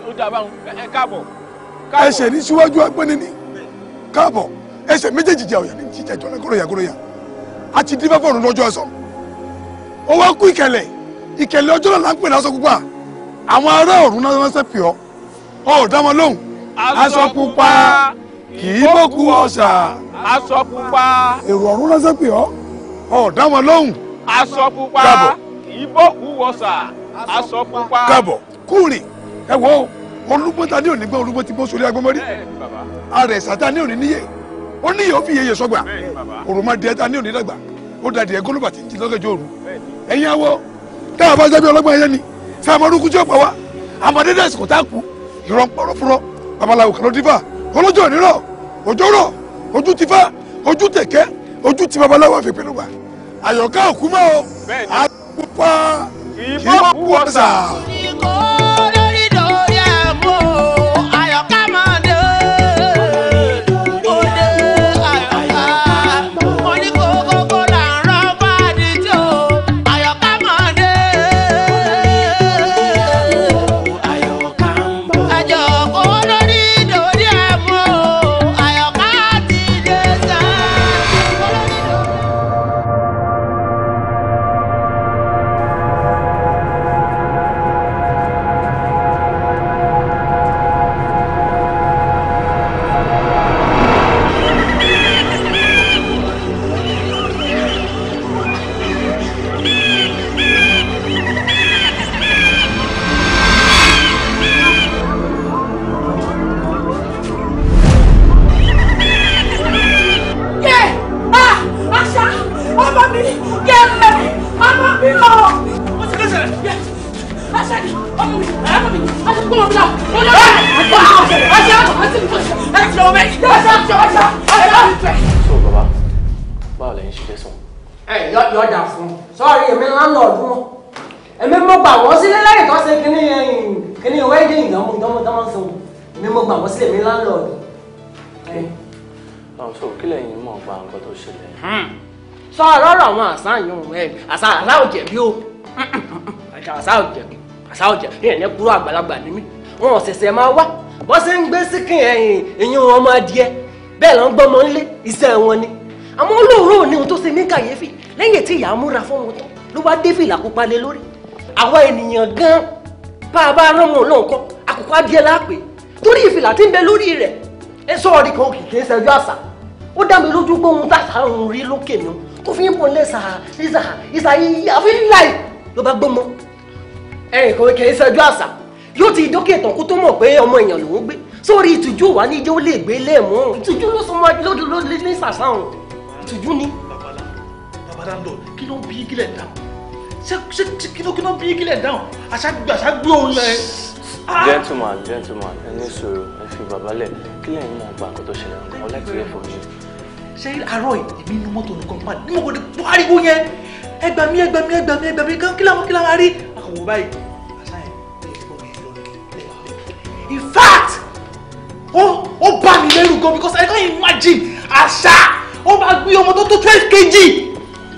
ó dábàá ẹ káàbọ̀. ẹsẹ̀ ní síwájú agbẹ́ni ni káàbọ̀ ẹsẹ̀ méjèèjì jẹ́ ọ̀yà ní jíjẹ jọ̀lá gòròyà gòròyà a ti dín fẹ́fọ́ ọ̀run lọ́jọ́ ẹ̀sọ́ ó wá kú ìkẹlẹ̀ ìkẹlẹ̀ ọjọ́ náà là ń pè lásán púpà àwọn ará ọ̀run náà wọ́n sẹ́pì ọ́ ó dá wọn lóhùn. aṣọ pupa kì í bókú ọ̀sà. aṣọ pupa. èrò ọ̀run náà sẹ́pì ọ́ ó dá wọn lóhùn. aṣọ pupa kì í bókú ọ̀sà. aṣọ pupa. kábọ̀ kúrin ẹ wo olúgbọ́n ní òní gbọ́ olúgbọ́n ti bó sórí agbọ́mọ́rí ààrẹ sátá ní òní níyè ó níyè ó fi yeye sọgbà òròmọdé ta ní òní dàgbà ó dàdí ẹ gólùbà tí ti lọ́gẹ̀jọ́ òru ẹ̀yin awọ tá a bá jábí ọlọ́gbọ́n ẹyẹ ni sàmọ orúkú tí ó pa wá àmọdé dẹ̀ sì kò tá a kú ìrọ̀ pọ̀rọ̀pọ̀rọ̀ babaláwo kan ló dín fà olójó nírọ̀ ojú ti fá ojú tẹ̀kẹ́ ojú ti babaláwo àfipinnu gbà àyọ̀ká òkú mọ́ o àkópa kì í bọ́ kú ọ̀sà. ọmọ mi. so baba báwo lẹ́yìn ṣe fẹ́ sùn. ẹ yọ yọ dà fún sọrí èmi máa ń lọ ọdún èmi mo gbà wọ́n sílé lẹ́yìn tó ṣe kíní kíní wẹ́ẹ́dì ìdánwò ìdánwò tó máa ń sọ̀rọ̀ èmi mo gbà wọ́n sílé mi láńlọ́ọ̀dù. so kí lẹ́yìn mọ̀ gba nǹkan tó ṣẹlẹ̀. sọ ọlọ́rọ̀ àwọn àṣà yòówù ẹ àṣà àṣà ò jẹ̀bi o àṣà ò jẹ̀bi àṣà ò jẹ̀bi ní ẹ̀ ní kúrò àgbàlagbà ni mí wọn ò ṣẹ̀ṣẹ̀ máa wá bọ́ ṣe ń gbé síkìn ẹ̀yìn ìyún wọn máa díẹ̀ bẹ́ẹ̀ ló ń gbọ́mọ ńlé iṣẹ́ wọn ni àmọ́ olóòórùn ni ohun tó ṣe ní kàyéfì lẹ́yìn tí ìyá múra fún wọn tán ló wá dé fìlà kópa lé lórí àwa ènìyàn gan bá a bá rán mọ́ náà kọ́ àkókò adìẹ láàpẹ́ torí ìfìlà tí ń bẹ lórí rẹ̀ ẹ sọ́ọ̀rì kan kì í ṣe ẹjọ́ àṣà ó dá mi lójú pé òun tàṣà ń rí lókè mi tó fi ń bọ̀ lẹ́sà ìsà ìsà ìyá fi ń láì ló bá gbọ́mọ ẹ̀yìn kan kì í ṣe ẹjọ́ àṣà yóò ti dókè tán kó tó mọ̀ pé ọmọ èèyàn lòún gbé sórí ìtújú wà ní ìjẹ́ ó lè gbé lẹ́ẹ̀mọ́ ìtújú ló súnmọ́ ló ló lé ní sàṣàhùn ìtújú ni. babalá babalá lọ kí ló ń bí kílẹ̀ dáhùn ṣé ṣé kí ló kí ló ń bí kílẹ̀ dáhùn àṣàgbé àṣàgbé òun ẹ. Ah! gentleman gentleman ẹ ní sùúrù ẹ fi bàbá lẹ kílẹ̀ yín náà gba àkótó ṣẹlẹ̀ wọn láti rẹ fún mi. ṣé àárọ̀ ìbí inú mọ́tò nìkan pa in fact ó ó bá mi lẹ́rù gan because I can't imagine àṣà ó máa gbé ọmọ tó tó twelve kg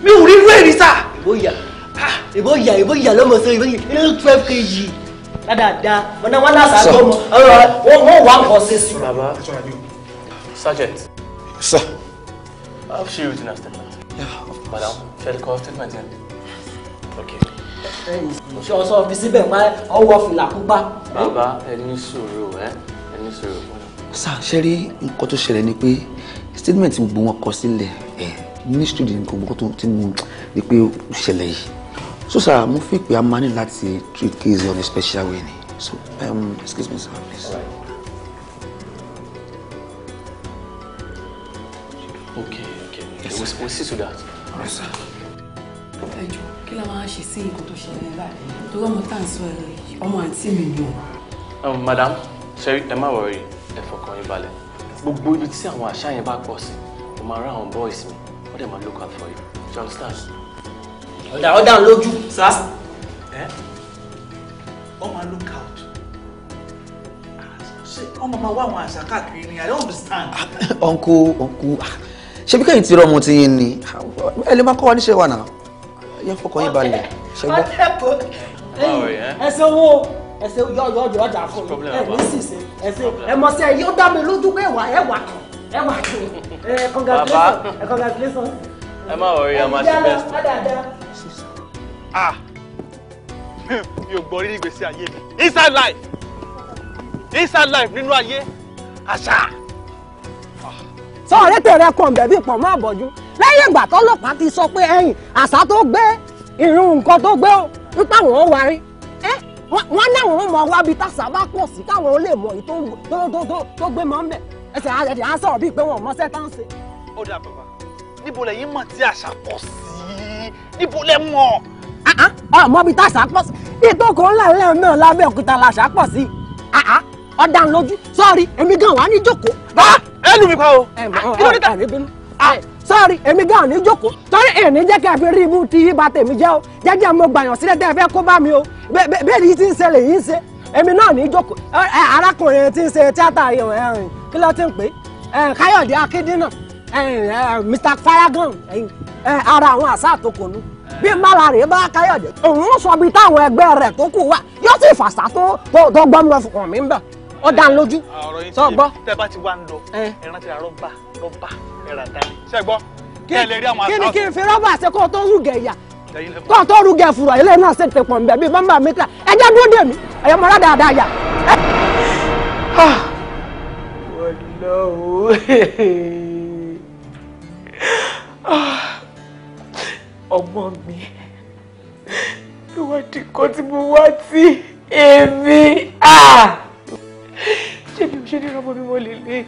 mi ò rí irú èrì sá. ìbò ìyà ah. ìbò ìyà ìbò ìyà lọ́mọ sọ ìbò ìyà twelve kg dáadáa mọ̀nà wọn lásà tó mọ wọn wà kọ́ sí sí. baba sergeant. sir. I have she written a statement. Yeah, of course. madam shall I call statement then. okay ṣé ọ sọ fi síbẹ̀ máa ọwọ́ fìlà pupa. bàbá ẹni sùúrù ẹ ẹni sùúrù. sá ṣe rí nǹkan tó ṣẹlẹ̀ ni pé statement gbogbo wọn kọ sílẹ̀ ẹ̀ ní studio nǹkan gbogbo tó ti mú pé ó ṣẹlẹ̀ yìí so sir mo fi pé a máa ní láti treat case on a special way ni so um, excuse me sir please. Okay, okay. Yes, we'll, we'll see to that. All right, sir. Thank you kí la máa ṣe sí nǹkan tó ṣẹlẹ̀ báyìí torí ọmọ tá à ń sọ ẹ ọmọ àǹtí mi ni um, madam sherry ẹ má wọrí ẹ fọkàn yín balẹ̀ gbogbo ibi tí àwọn àṣà yẹn bá pọ̀ sí mo máa rán àwọn boys mi wọ́n dẹ̀ máa look out for you you understand. ọ̀dà ọ̀dà ń lójú. sá ẹ wọ́n máa look out wọ́n máa wá àwọn àṣà káàkiri ni i don't understand. Ah, uncle uncle ah. ṣebí kẹ́yìn ti rọ ọmọ tí yín ni ah, ẹ lè má kọ́ wa níṣẹ́ wa náà yẹ fọkàn yín balẹ̀ ṣẹgbọn. Eh? ẹsẹ̀ owó ẹsẹ̀ yọ̀ọ̀yọ̀ ọjọ́ ọjà fún mi ẹ̀ ní sísè ẹsẹ̀ ẹ̀mọ̀sẹ̀ yóò dá mi lójú pé ẹ̀wà ẹ̀wà kan ẹ̀wà kan ẹ̀ congratulations ẹ̀ congratulations. ẹ má wọrí ẹ má ṣe best. ah mi ò gbọ́ rí ìgbésí ayé mi inside life inside life nínú ayé àṣà. sọ ọ̀rẹ́ tẹ̀rẹ̀ kan bẹ̀bí pọ̀ mọ́ àbọ̀jú lẹ́yìn ìgbà tọ́lọ́pàá ti sọ pé ẹ̀yìn àṣà tó gbé irun nǹkan tó gbé ń táwọn ó wárí wọ́n náwọn mọ̀ wábi tàṣà bá pọ̀ sí káwọn ó lè mọ̀ èyí tó gbé mọ́ ń bẹ̀ ẹsẹ̀ àjẹjẹ á sọ̀rọ̀ bíi pé wọn ò mọ́ṣẹ́ tán ṣe. ó dà bàbá níbo lẹ́yìn mọ̀ tí àṣà pọ̀ sí níbo lẹ́ mọ̀. ọmọ bíi tàṣà pọ̀ sí ìtòkò ńlá lẹ́yìn náà lábẹ́òkúta làṣà pọ̀ sí ọ̀dà ńlójú sọ́ọ̀rì èmi gan wà ní jókòó. ẹ lù mí pa o kí ló dé tà sọ́ọ̀rì èmi gan ní jókòó torí èmi jẹ́ kí a fi rí ibú ti yí ba tèmi jẹ́ o jẹ́jẹ́ mo gbàyàn sílẹ̀ tẹ́ ẹ fẹ́ kó bá mi o bẹ́ẹ̀ ni ti ń ṣẹlẹ̀ yìí ń ṣe èmi náà ní jókòó arákùnrin ti ń ṣe tíátà kí ló ti ń pè é káyọ̀dé akíndínà mr faragan ara àwọn àṣà àtòkònú bí mbala rè bá káyọ̀dé òun sọ bí táwọn ẹgbẹ́ rẹ̀ tó kù wà yóò sì fàṣà tó gbọ́mọ fún mi bẹ́ẹ̀ ó dá ń lójú sọ ah, gbọ́. tẹ́ bá ti wá ń lọ eh. ẹran ti ra rọ́bà rọ́bà ẹ̀rà dání ṣe gbọ́ kí ẹ lè rí àwọn àṣà. kí ni kí n fi rọ́bà ṣe kó o tó rúgẹ̀ ìyà kó o tó rúgẹ̀ fùrọ̀ ilé náà ṣe tẹ̀ pọ̀nbẹ̀ bíi bámbà mítà ẹ jẹ́ dúró dè mí ẹ̀yọ́ mọ́ra dáadáa yà. (sighs) ọmọ mi ló wá di kó tí mo wá tí èmi. Ah! ṣé bí mo ṣe ní ọmọ mi mo lè lé.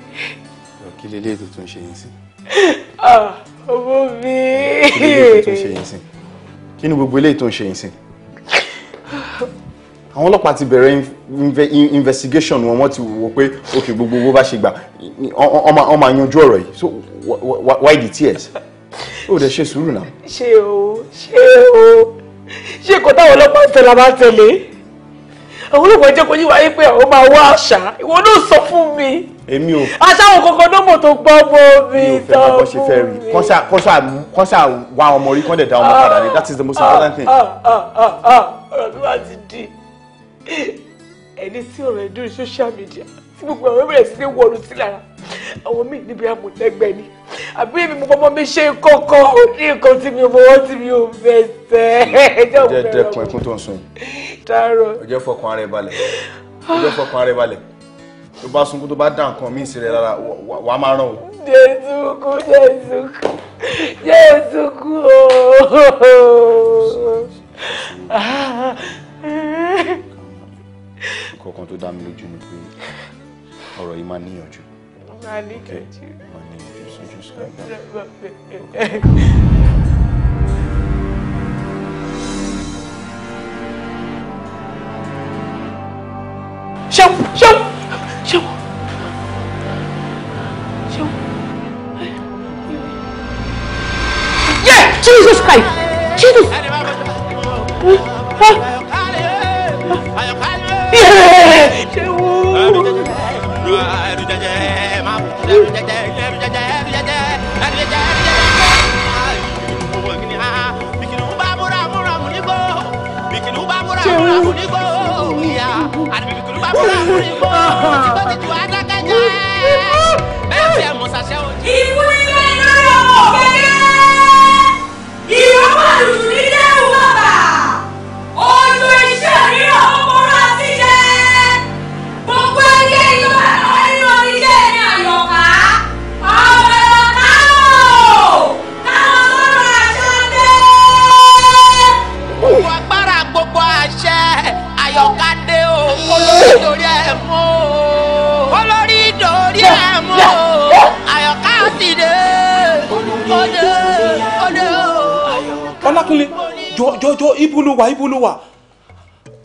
kí lélẹ́yìí tó tún ṣe yín sí. Ah, ọmọ mi. kí lélẹ́yìí tó tún ṣe yín sí. kí ni gbogbo eléyìí tó ń ṣe yín sí. àwọn ọlọ́pàá ti bẹ̀rẹ̀ investigation wọn wọ́n ti wò pé òkè gbogbo owó bá ṣe gbà wọ́n máa yanjú ọ̀rọ̀ yìí so why the tears ó dẹ̀ ṣe sùúrù náà. ṣé o ṣé o ṣé kò táwọn ọlọ́pàá tẹ̀lé a máa tẹ̀lé àwọn olùkọ́ jẹ́ kó yíwá yín pé àwọn máa wá àṣà ìwọ náà sọ fún mi. èmi ò. aṣáwọn kankan náà mọ̀ tó gbọ́ mọ́ mi tán fún mi. kọ́sà wá ọmọ rí kọ́ndẹ̀ dá ọmọ padà ni that is the most important thing. Ah, ah, ah, ọ̀rọ̀ mi wá ti di ẹni tí ọ̀rọ̀ ẹ̀dùn social media tí gbogbo àwọn bẹ̀rẹ̀ sí ní wọ̀lú sí lára àwọn míì níbi àmọ̀tẹ́gbẹ́ ni àbí èmi mo fọmọ mi ṣe kọ́kọ́ ní nǹkan tí mi ò fọwọ́ tí mi ò fẹ́ tẹ́ ẹ jẹ́ òun fẹ́ràn. jẹ́ dẹ́kun ẹkún tó fọkàn ara balẹ̀ ó fọkàn ara balẹ̀ tó bá sunkún tó bá dá nǹkan míì sí rẹ wàá máa ràn o. jésù kú jésù kú jésù kú ooo. kọ̀ọ̀kan tó dá mi lójú ni pé ọ̀rọ̀ yìí máa níyànjú. máa níyànjú. máa níyànjú so just calm down. Ṣéun Yeah, Jesus Christ, Jesus. jẹjẹ máa bù ẹrù Alákúnlé jọjọjọ ibo ló wà ibo ló wà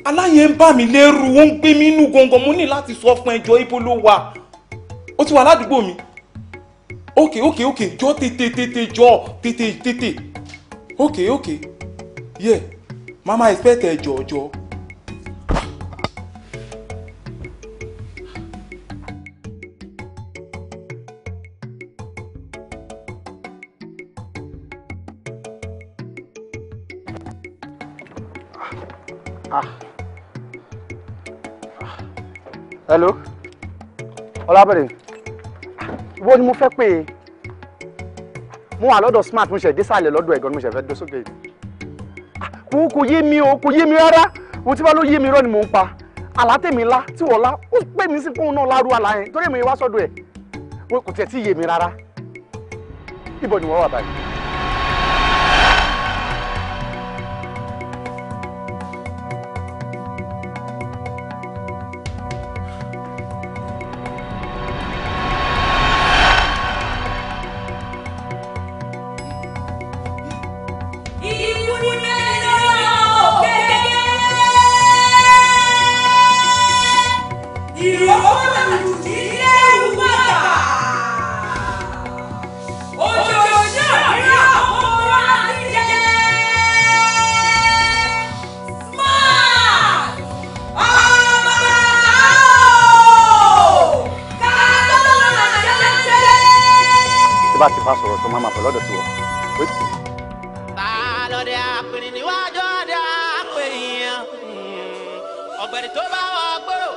aláyẹ ń bà mí lẹ́rù ó ń gbé mi inú gangan mo ní láti sọ fún ẹjọ ibo ló wà ó ti wà ládùúgbò mi okay okay okay jọ tètè tètè jọ tètè tètè okay okay yeah mama expect ẹ jọjọ. hello ọlábẹ̀rẹ̀ wo ni mo fẹ́ pè mo wà lọ́dọ̀ smart mo ṣe désàlẹ̀ lọ́dọ̀ ẹ̀gọ́ ni mo ṣe fẹ́ do sókè ah, kò kò yé mi o kò yé mi rárá ohun tí bá ló yé mi rọ ni mò ń pa àlátẹ̀mí ńlá tí wọ́n lá ó pè mí sí fún un náà lárú àlá yẹn torí èmi wá sọ́dọ̀ ẹ̀ kò tiẹ̀ tí yé mi rárá ibo ni wọ́n wà báyìí.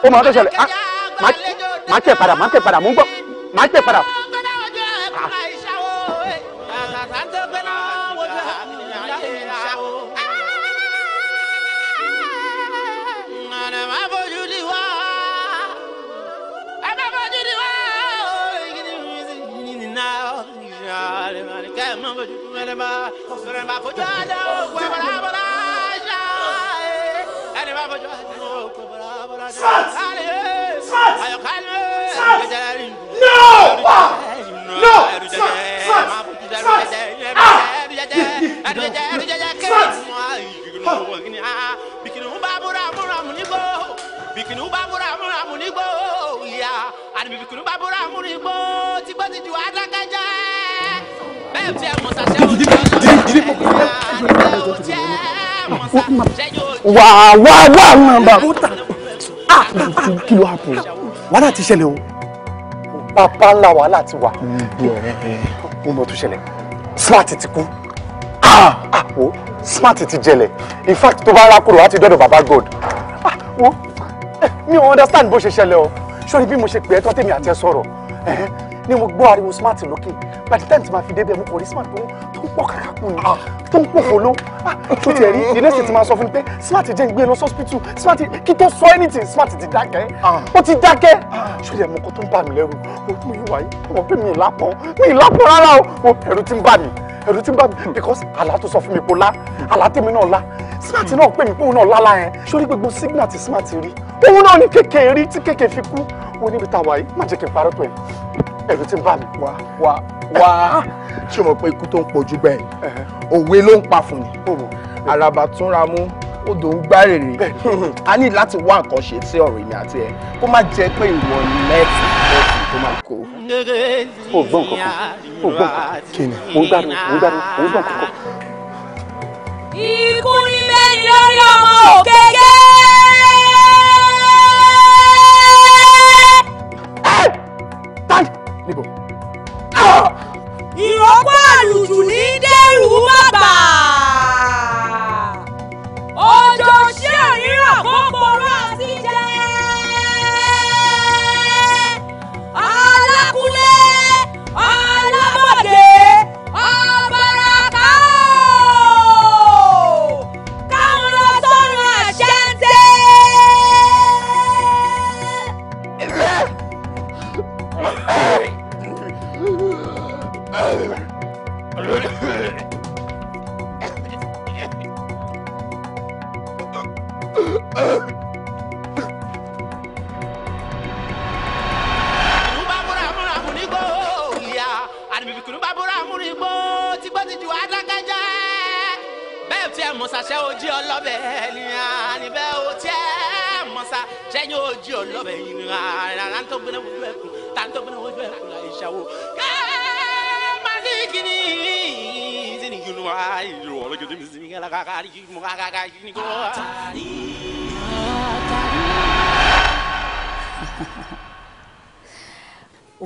ó máa tó ṣẹlẹ̀ má mate padà má tẹ̀ padà mò ń gbọ́ wá wá wá nọmba ah, kí ló hàpù yìí wàhálà ti ṣẹlẹ̀ o bàbá ńlá wàhálà ti wà mm, mm, mm, mo mọ̀ tó ṣẹlẹ̀ smart ti kú àpò ah, ah, smart ti jẹlẹ̀ in fact tó bá rákòrò láti dọ́dọ̀ bàbá god eh, mi ò understand bó ṣe ṣẹlẹ̀ o sórí bí mo ṣe pè é tán tèmi àti ẹ sọ̀rọ̀ ni mo gbọ́ ariwo smart lókè by the time tí màá fi débẹ̀ mo kò rí smart tó tó ń pọ̀ kàkàkùn ni tó ń pọ̀ fòló tó ah, tiẹ̀ rí (laughs) ilé sì ti máa sọ fún mi pé smart jẹ́ ń gbé lọ sọ́spítù smart kí tó sọ anything smart ti dákẹ́ ah. ó ti dákẹ́ ṣùgbọ́n ẹ̀mọ́ kan tó ń bà mí lẹ́rù mo mi wáyé ọmọ pé mi ì lápọ̀ mi ì lápọ̀ rárá o ẹ̀rù ti ń bà mí ẹ̀rù ti ń bà mí because àlá tó sọ fún mi kò lá àlá tèmi náà lá smart náà pè mí pé òun náà lálá yẹn sórí mo níbi táwa yìí má jẹ́ kí n parọ́ pé ẹ̀rù ti ń bà mí. wá wá wá ṣé o mọ̀ pé ikú tó ń pojú bẹ́ẹ̀ òwe ló ń pa fún mi àràbà túnra mú odò ń gbá rèrè a ní láti wá nǹkan ṣe sí ọ̀rọ̀ èmi àti ẹ kó má jẹ́ pé ìwọ ni mẹ́tì mẹ́tì tó máa kó. o gbọ́n kankan o gbọ́n kankan kí ni mo ń gbádùn mo ń gbádùn mo ń gbọ́n kankan. ikú ni bẹ́ẹ̀ ni lórí ọmọ òkèké. níbo. Ah! ìrókò àlùjù ní sẹ́yìn ojú ọlọ́bẹ̀ yìí rárá tó gbéná wojú ẹkùn tá tó gbéná wojú ẹkùn láì ṣàwó. kẹ́ẹ́másì kìíní sínú yìí wá ìlú ọ̀rọ̀ jòjò mi sí ní kẹ́lá kàkà rí mú kàkà kà rí ní kọ́.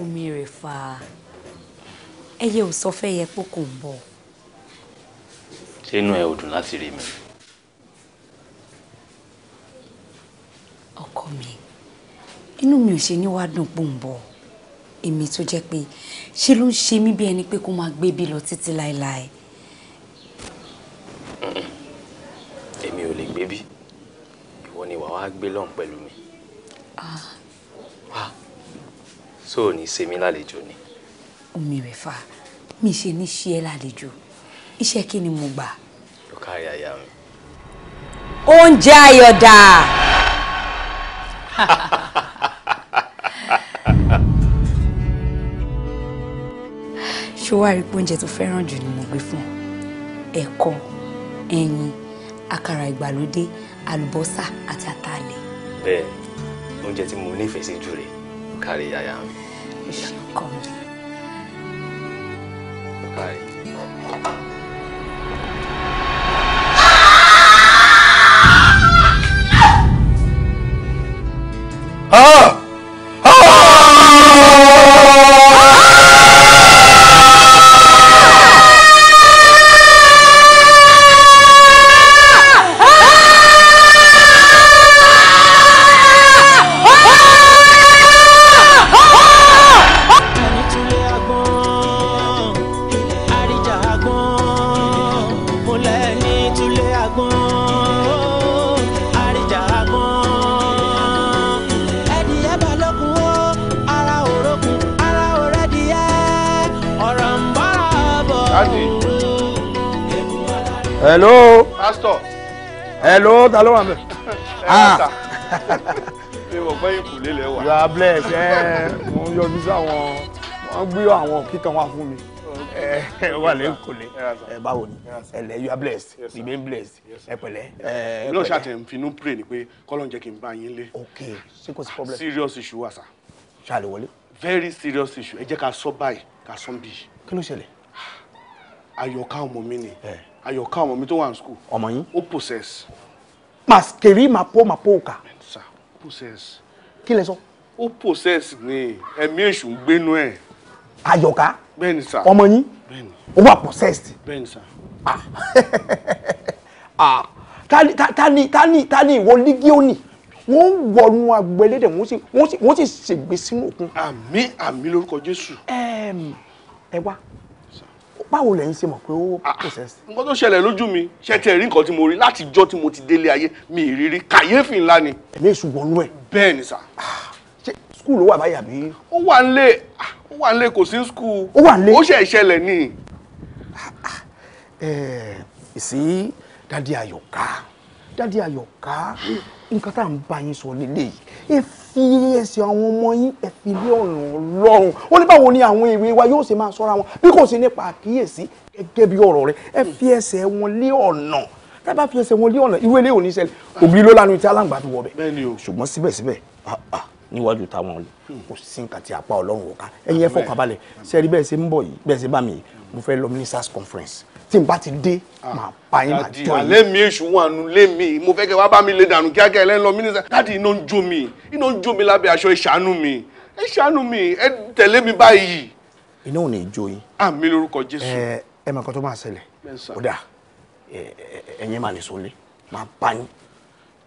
omi rẹ̀ fa ẹyẹ ò sọ fẹ́ yẹ pé bọ̀. ṣé inú ẹ ò dùn láti rí mi. ọkọ mi inú mi ò ṣe ní wàá dùn pò ń bọ̀ èmi tó jẹ́ pé ṣe ló ń ṣe mí bí ẹni pé kó máa gbé bí lọ títí láéláé. èmi ò lè gbé bí ìwọ ni wàá wá gbé lọ́n pẹ̀lú mi. Ah. wá so ò ní ṣe mí lálejò ni. omi rẹ̀ fa mi ṣe ní ṣe ẹ́ lálejò iṣẹ́ kí ni mo gbà. ló kárí aya mi. oúnjẹ ayọ̀dà ṣó wá rí pé oúnjẹ tó fẹ́ràn jù ni mo gbé fún ẹ̀kọ ẹyin àkàrà ìgbàlódé àlùbọ́sà àti àtàlẹ̀. bẹ́ẹ̀ oúnjẹ tí mo nífẹ̀ẹ́ sí jù rẹ̀ kárí yàyà mi. ó mi. kárí. ta ló ṣé mo pẹ́ ìkùlé lẹ wà. you are blessed ẹ eh? yọjú sí àwọn gbé àwọn kíkan wá fún mi eh, (laughs) ẹ wà lẹ ẹ báwo ni ẹ lẹ you are blessed remain blessed ẹ pẹ̀lẹ́ eh, ẹ pẹ̀lẹ́. lọ́ọ̀ ṣàtẹ̀ ń finú pray ni pé kọ́lọ́ ń jẹ́ kí n bá yín lé. ok ṣé kò sí problem. serious issue wà sá. ṣàlè wọlé. very serious issue ẹ jẹ́ ká sọ báyìí ká sọ bí. kí ló ṣẹlẹ̀. àyọ̀ká ọmọ mi ni àyọ̀ká ọmọ mi tó wà ní school. ọmọ yín. ó possess pàṣẹrí máa pọ́ máa pọ́ òkà. kí lẹ sọ. ó possess ni ẹ̀mí èṣù ń gbénú ẹ̀. àyọ̀ká ọmọ yín ó wà possessed. tani tani tani ìwọ lígíọ́nì wọ́n wọnú agbẹ́lédè wọ́n sì ṣègbè sínú òkun. àmín àmín lórúkọ jésù. ẹ wá báwo lẹ́yìn ṣe mọ̀ pé ó ah, ah, process. nǹkan tó ṣẹlẹ̀ lójú mi ṣe tẹ̀ rí nǹkan tí mo rí láti jọ́ tí mo ti délé ayé mi ìrírí kàyéfì ńlá ni. ẹ̀mí èṣù wọnú ẹ̀. bẹ́ẹ̀ ni sà. Ah, ṣé skul ló wà báyìí àbí. ó wà nílé ó wà nílé kò sí skul. ó wà nílé. ó ṣe ìṣẹ̀lẹ̀ ni. ìsí dádì ayọ̀ká dádì ayọ̀ká nǹkan tá à ń bá yín sọ nílé yìí fi ẹsẹ̀ àwọn ọmọ yín ẹ fi lé ọ̀nà Ọlọ́run ó ní báwo ni àwọn èwe wa yóò ṣe máa ṣọ́ra wọn bí kò sí nípa àkíyèsí gẹ́gẹ́ bí ọ̀rọ̀ rẹ ẹ fi ẹsẹ̀ wọn lé ọ̀nà tẹ́ bá fi ẹsẹ̀ wọn lé ọ̀nà ìwé ilé òní ṣẹlẹ̀ ògiri ló lanu tí aláǹgbá fi wọ bẹ̀. ṣùgbọ́n síbẹ̀síbẹ̀ ah, ah, níwájú táwọn hmm. kò sí nǹkan tí apá Ọlọ́run wò ká ẹ̀yin ẹ fọkàn balẹ̀ ṣẹ́ẹ́rí bẹ́ẹ̀ ṣe ń bọ̀ yìí bẹ́ẹ̀ ṣe bá mi yìí mo fẹ́ lọ ministers conference tí n bá ti dé ah, màá pa yín màá jọ yín. alẹ́ mi èṣù wà nù lé mi mo fẹ́ kẹ́ wá bá mi lè dànù kíákẹ́ ẹlẹ́nu lọ mínísítà dáàdi iná ń jó mi iná ń jó mi lábẹ́ aṣọ ìṣàánú mi ẹ ṣàánú mi ẹ tẹ̀lé mi báyìí. iná ò ní í jó yín. àmì lórúkọ jésù. ẹ ẹ mọ nǹkan tó máa ṣẹlẹ̀ ó dà ẹ̀yin máa nìṣó lé máa pa yín.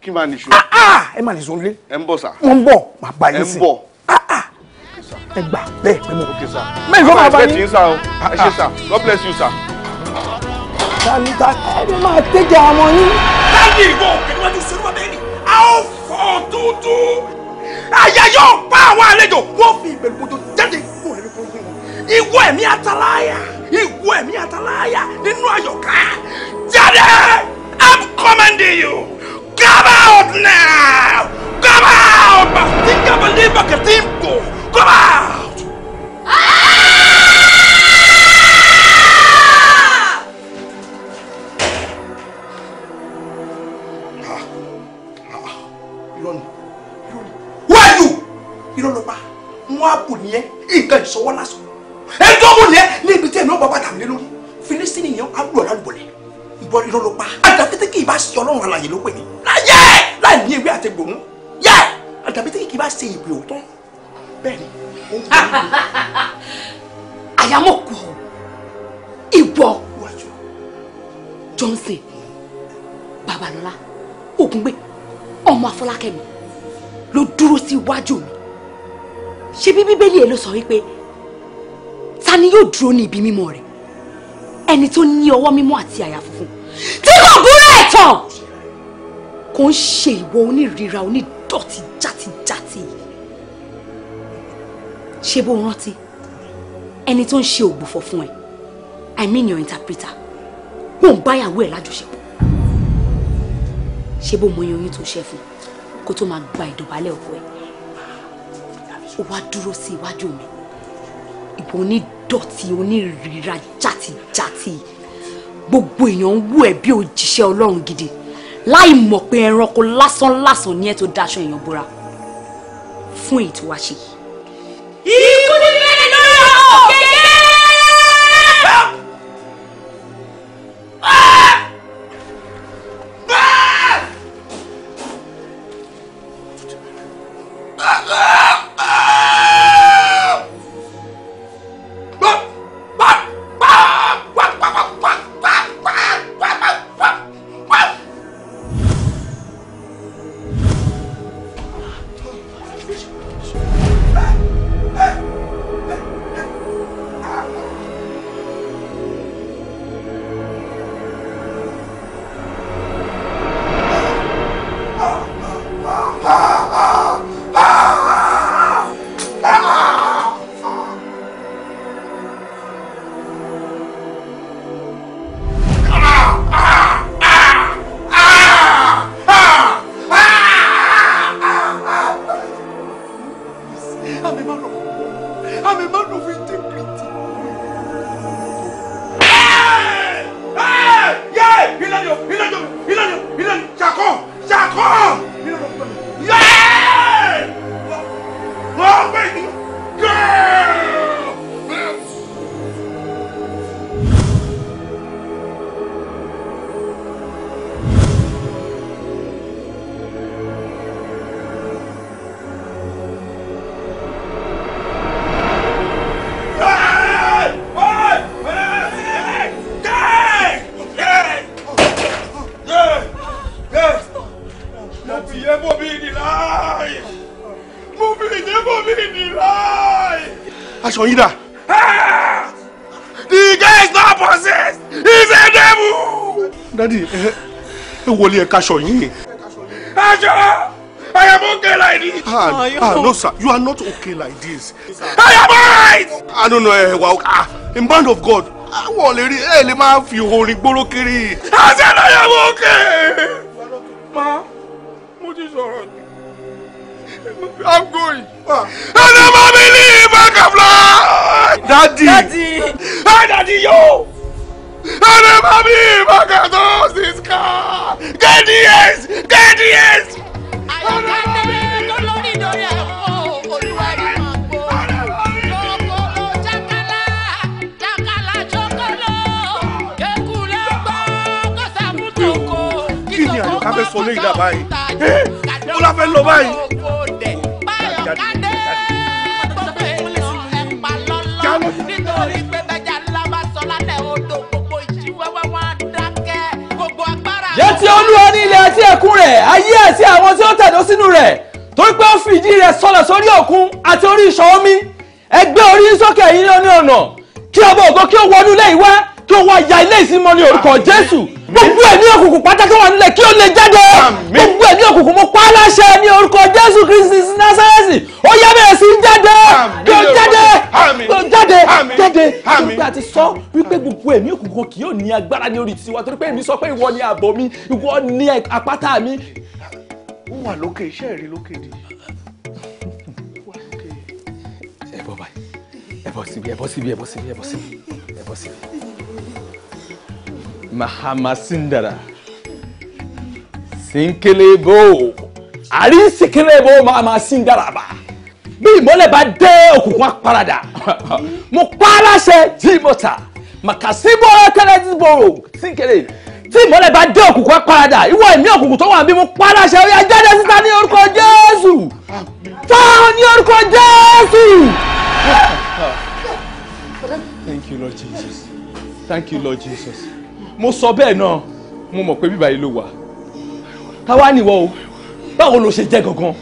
kí máa nìṣó. Ah, ah, ẹ máa nìṣó lé. ẹ ń bọ̀ sà. mo ń bọ̀ máa pa yín sí. ẹ ń bọ̀ ẹ gbà bẹ́ẹ̀ pé mo. mẹ́rin fún bàbá yín. ẹ ṣe sà God bless you sà àtàlùtà ẹni máa tẹ́jà ọmọ yín. láyé ìwọ òkè ni wọ́n ti ṣerú ni a ó fọ́ tútù. àyà yóò pa àwọn àlejò wọ́n fi ìbẹ̀rùbojo jáde kúrò lẹ́nu kúrò ìwọ ẹ̀mí àtàláyà ìwọ ẹ̀mí àtàláyà nínú àyọ̀ká jáde I'm commanding you come out now come out. Think I believe I can come out. Ah! moabu nìyẹn nǹkan ìṣọwọ́ lásán ẹjọ́ mú nìyẹn ní ibi tí ẹ̀mí ọba bàtà mi lórí filistini yẹn alúlọ̀ lálùbọ̀lẹ̀ ìbọn irọ́ ló pa àdàbẹ́tẹ́ kì í bá ṣe ọlọ́run alàyè ló pè mí láyé láì ní ewé àtẹgbòmú yẹ àdàbẹ́tẹ́ kì í bá ṣe ìpè òótọ́ bẹ́ẹ̀ ni ó ń bọ̀ àyámọ̀kọ ìbọ̀ Johnson Babalọlá Ògúngbè ọmọ Afọlákẹ́mi ló dúró sí iwájú mi ṣe bí bíbélì ẹ ló sọ wípé ta ni yóò dúró ní ibi mímọ́ rẹ̀ ẹni tó ní ọwọ́ mímọ́ àti àyà funfun tí kò búra ẹ̀tàn kò ń ṣe ìwọ onírira onídọ̀tí játijáti ṣe bó rántí ẹni tó ń ṣe ògbùfọ̀ fún ẹ i mean your interpreter wọn ń báyàwó ẹ lájọṣepọ̀ ṣe bó mọ iye oyún tó ṣẹ fún kó tó máa gba ìdọ̀bálẹ̀ ọkọ ẹ ó wá dúró sí iwájú mi ìbò onídọ̀tí onírira játijàti gbogbo èèyàn ń wú ẹ bí òjíṣẹ́ ọlọ́run gidi láì mọ̀ pé ẹranko lásán lásán ni ẹ tó daṣọ èèyàn bora fún èyí tó wá ṣe yìí. wọlé ẹ̀ka aṣọ yín. aṣọ I am okay like this. Ah, oh, ah, no, sir. You are not okay like this. I am alright. I ah, don't know. Uh, eh, well, ah, in band of God, àwọn ah, lè rí ẹ lè máa fi orin gbóró kiri. àti ẹlẹ́yàwó òkè. má mo ti sọ̀rọ̀ ni i'm going. ẹnì máa mi ní ìbákàflá. dadi. dadi. ẹ dadi yóò. ẹnì máa mi ìbákàtọ́ síská kds kds. àyíká tẹ́lẹ̀ kí ni àyíká fẹ́ sọ lóyún dà báyìí? ó láfẹ́ lọ báyìí. ti olúwa ní ilẹ̀ àti ẹ̀kún rẹ̀ ayé àti àwọn tí ó tẹ̀dó sínú rẹ̀ torí pé ó fi ìdí rẹ̀ sórí òkun àti orí ìṣàn omi ẹgbẹ́ orí sókè yìí ní ọ̀nà kí ọba ògo kí ó wọnú ilé ìwá kí ó wá ya ilé ìsinmi ní orúkọ jésù gbogbo ẹ̀ òkùnkùn pátá tó wà nílẹ̀ kí ó lè jáde gbogbo ẹ̀ òkùnkùn mo pa á láṣẹ ní orúkọ jésù kristi násárẹ́sì ó yá bẹ̀rẹ̀ sí ń jáde jáde jáde jáde nígbà àti sọ wípé gbogbo ẹ̀mí òkùnkùn kì yóò ní agbára ní orí tiwa torí pé èmi sọ pé ìwọ ni ààbò mi ìwọ ni àpáta mi. ó wà lókè iṣẹ́ rí lókè di. ẹ bọ́ báyìí ẹ bọ́ síbi ẹ bọ́ síbi ẹ bọ́ síbi ẹ bọ́ síbi ẹ bọ́ síbi. Mahama Sindara Sinkelebo Ari Sinkelebo Mahama Sindara ba bí ìmọ́lẹ̀ bá dé òkùnkùn àparadà mo pa á láṣẹ tí mo tà màkàsíbọ̀ kẹlẹ́ tí mo rò sí kẹlẹ́ tí ìmọ́lẹ̀ bá dé òkùnkùn àparadà ìwọ ẹ̀mí òkùnkùn tó wà bí mo pa á láṣẹ ó yá jáde síta ní orúkọ Jésù tán ní orúkọ Jésù. Thank you, Lord Jesus. Thank you, Lord Jesus. mo sọ bẹ́ẹ̀ náà mo mọ̀ pé bíbá yìí ló wà táwa nìwọ o báwo ló ṣe jẹ́ gangan.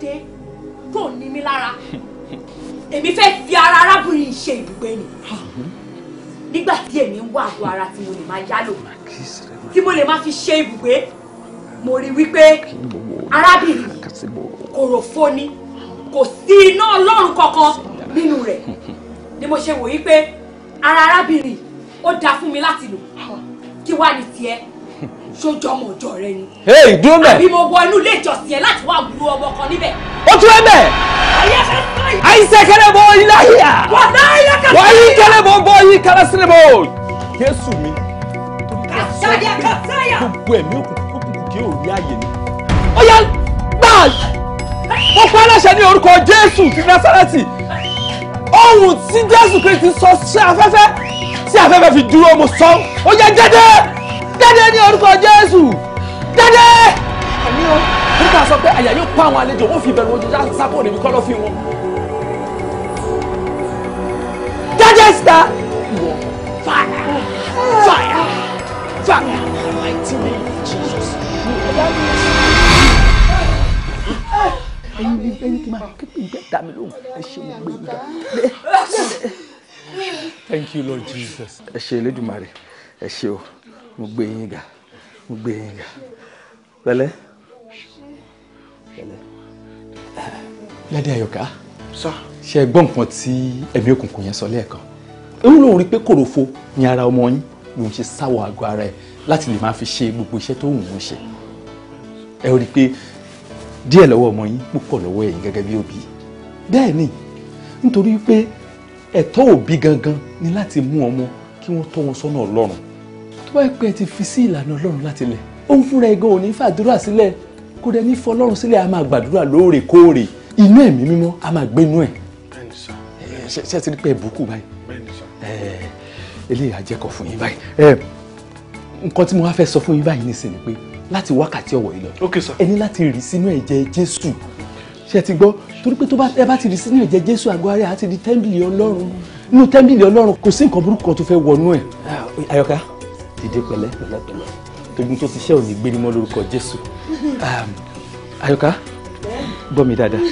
dé tó ní mi lára èmi fẹ́ fi ara arábìnrin ṣe ibùgbé ni nígbà tí èmi ń wá àgọ́ ara tí mo lè máa yálò tí mo lè máa fi ṣe ibùgbé mo rí wípé arábìnrin kòròfó ni kò sí iná ọlọ́run kankan nínú rẹ̀ ni mo ṣe wòye pé ara arábìnrin ó dáa fún mi láti lò kí wá ní tiẹ̀ sójú ọmọ ọjọ́ rẹ ni. ee dúró mẹ. àbí mo wọ inú ilé ìjọsìn yẹn láti wá gbúrú ọmọ kan níbẹ̀. ó tún ẹ bẹ. ayé fẹ́ sọ yìí. àyíṣẹ́ kẹlẹ́ bọ ilá yíyà. wà á náà yẹ kẹlẹ́. wọ́n yí kẹlẹ́ bọ bọ́ yí kẹlẹ́ sílẹ̀ bọ́. jésù mi. kàtàyà kàtàyà. gbogbo ẹ̀mí òkùnkùn òkùnkùn kí òòrí ààyè ni. ó yá gbà. mo pa aláṣẹ ní orúkọ jésù ti násárẹ́tì. ohun tí jésù kristi sọ sí afẹ́fẹ́ tí afẹ́fẹ́ fi dúró mo sọ ó yẹ jẹ́jẹ́ jáde ní orúkọ jésù jáde. àní o nígbà sọ pé àyà yóò pa àwọn àlejò wọn fi bẹ̀rù ojú sábò níbi kọ́ lọ́fíìn wọn. jáde síta ìwọ fire fire fire mighty name of jesus ní ọ̀dà mi. ẹyin bíi bẹ́ẹ̀ ni kí n máa képe ìgbẹ́ dàmí lóhùn ẹ ṣe mo gbé ìgbà. Thank you, Lord Jesus. Ẹ ṣé Elédùmarè, ẹ ṣé o mo gbé yín ga mo gbé yín ga pẹ̀lẹ́ pẹ̀lẹ́. lẹ́dí ayọ̀ká ṣe gbọ́ nǹkan tí ẹ̀mí òkùnkùn yẹn sọ lẹ́ẹ̀kan òun lòun rí pé kòròfo ni ara ọmọ yín lòun ṣe sáwọ àgọ́ ara ẹ̀ láti lè máa fi ṣe gbogbo iṣẹ́ tó wù ú ṣe ẹ rí i pé díẹ̀ lọ́wọ́ ọmọ yín púpọ̀ lọ́wọ́ ẹ̀yin gẹ́gẹ́ bí òbí bẹ́ẹ̀ ni nítorí pé ẹ̀tọ́ òbí gangan ni láti mú ọmọ kí wọ́n tọ́ wọn sọ́nà Ọlọ́run bá pẹ́ ti fi sí ìlànà ọlọ́run láti lẹ̀ òun fúnra ẹ̀ gan ò ní fàdúrà sílẹ̀ kó dẹ ní fọlọ́run sílẹ̀ a máa gbàdúrà lóòrèkóòrè inú ẹ̀mí mímọ́ a máa gbénú ẹ̀ ṣe ti rí pé bùkù báyìí eléyìí àjẹkọ̀ fún yín báyìí nǹkan tí mo wá fẹ́ sọ fún yín báyìí nísìnyí pé láti wákàtí ọ̀wọ̀ yìí lọ ẹni láti rì sínú ẹ̀jẹ̀ Jésù ṣe ti gbọ́ torí pé ẹ bá ti rì sínú ẹ̀jẹ̀ Jésù àgọ́ ara ẹ̀ á ti di tẹ́ḿbìlì Ọlọ́run nínú tẹ́ḿbìlì Ọlọ́run kò sí nǹkan burúkú kan tó fẹ́ wọnú ẹ̀. Àyọ̀ká dìde pẹ̀lẹ́ pẹ̀lẹ́pẹ̀lẹ́ togun tó ti ṣe òní gbérí mọ́ lórúkọ Jésù Àyọ̀ká gbọ́ mi dáadáa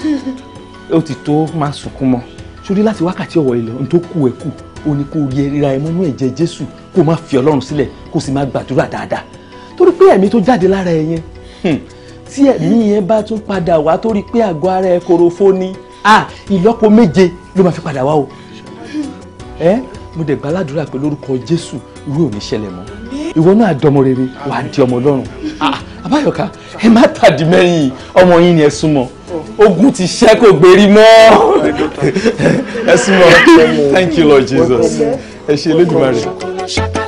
ó ti tó máa sunkún mọ́ sórí láti wákàtí ọ̀wọ́ ilẹ̀ ohun tó kù ẹ̀ kù ó ní kó yẹra ẹ mọ́nú ẹ̀jẹ̀ Jésù kó má fi Ọlọ́run sílẹ̀ kó sì má gbàdúrà dáadáa torí pé ẹ̀mí tó jáde lára ẹ yẹn hmm, tí ẹ̀mí yẹn bá tún padà wá torí pé àgọ́ ara ẹ korofo ni ìlọ́po méje ló máa fi padà wá o mo dẹ̀ gbàládùra pé lórúkọ Jésù irú ò ṣẹlẹ̀ mọ́ ìwọ náà dọmọ rere wà á di ọmọ ọlọ́run ah, abáyọ̀ká ẹ má tàdí mẹ́yìn ọmọ yín ni ẹ súnmọ́ ogun ti ṣẹ́ kò gbérí mọ́ ẹ súnmọ́ thank you lord jesus ẹ ṣe lójúmọ́ rẹ̀.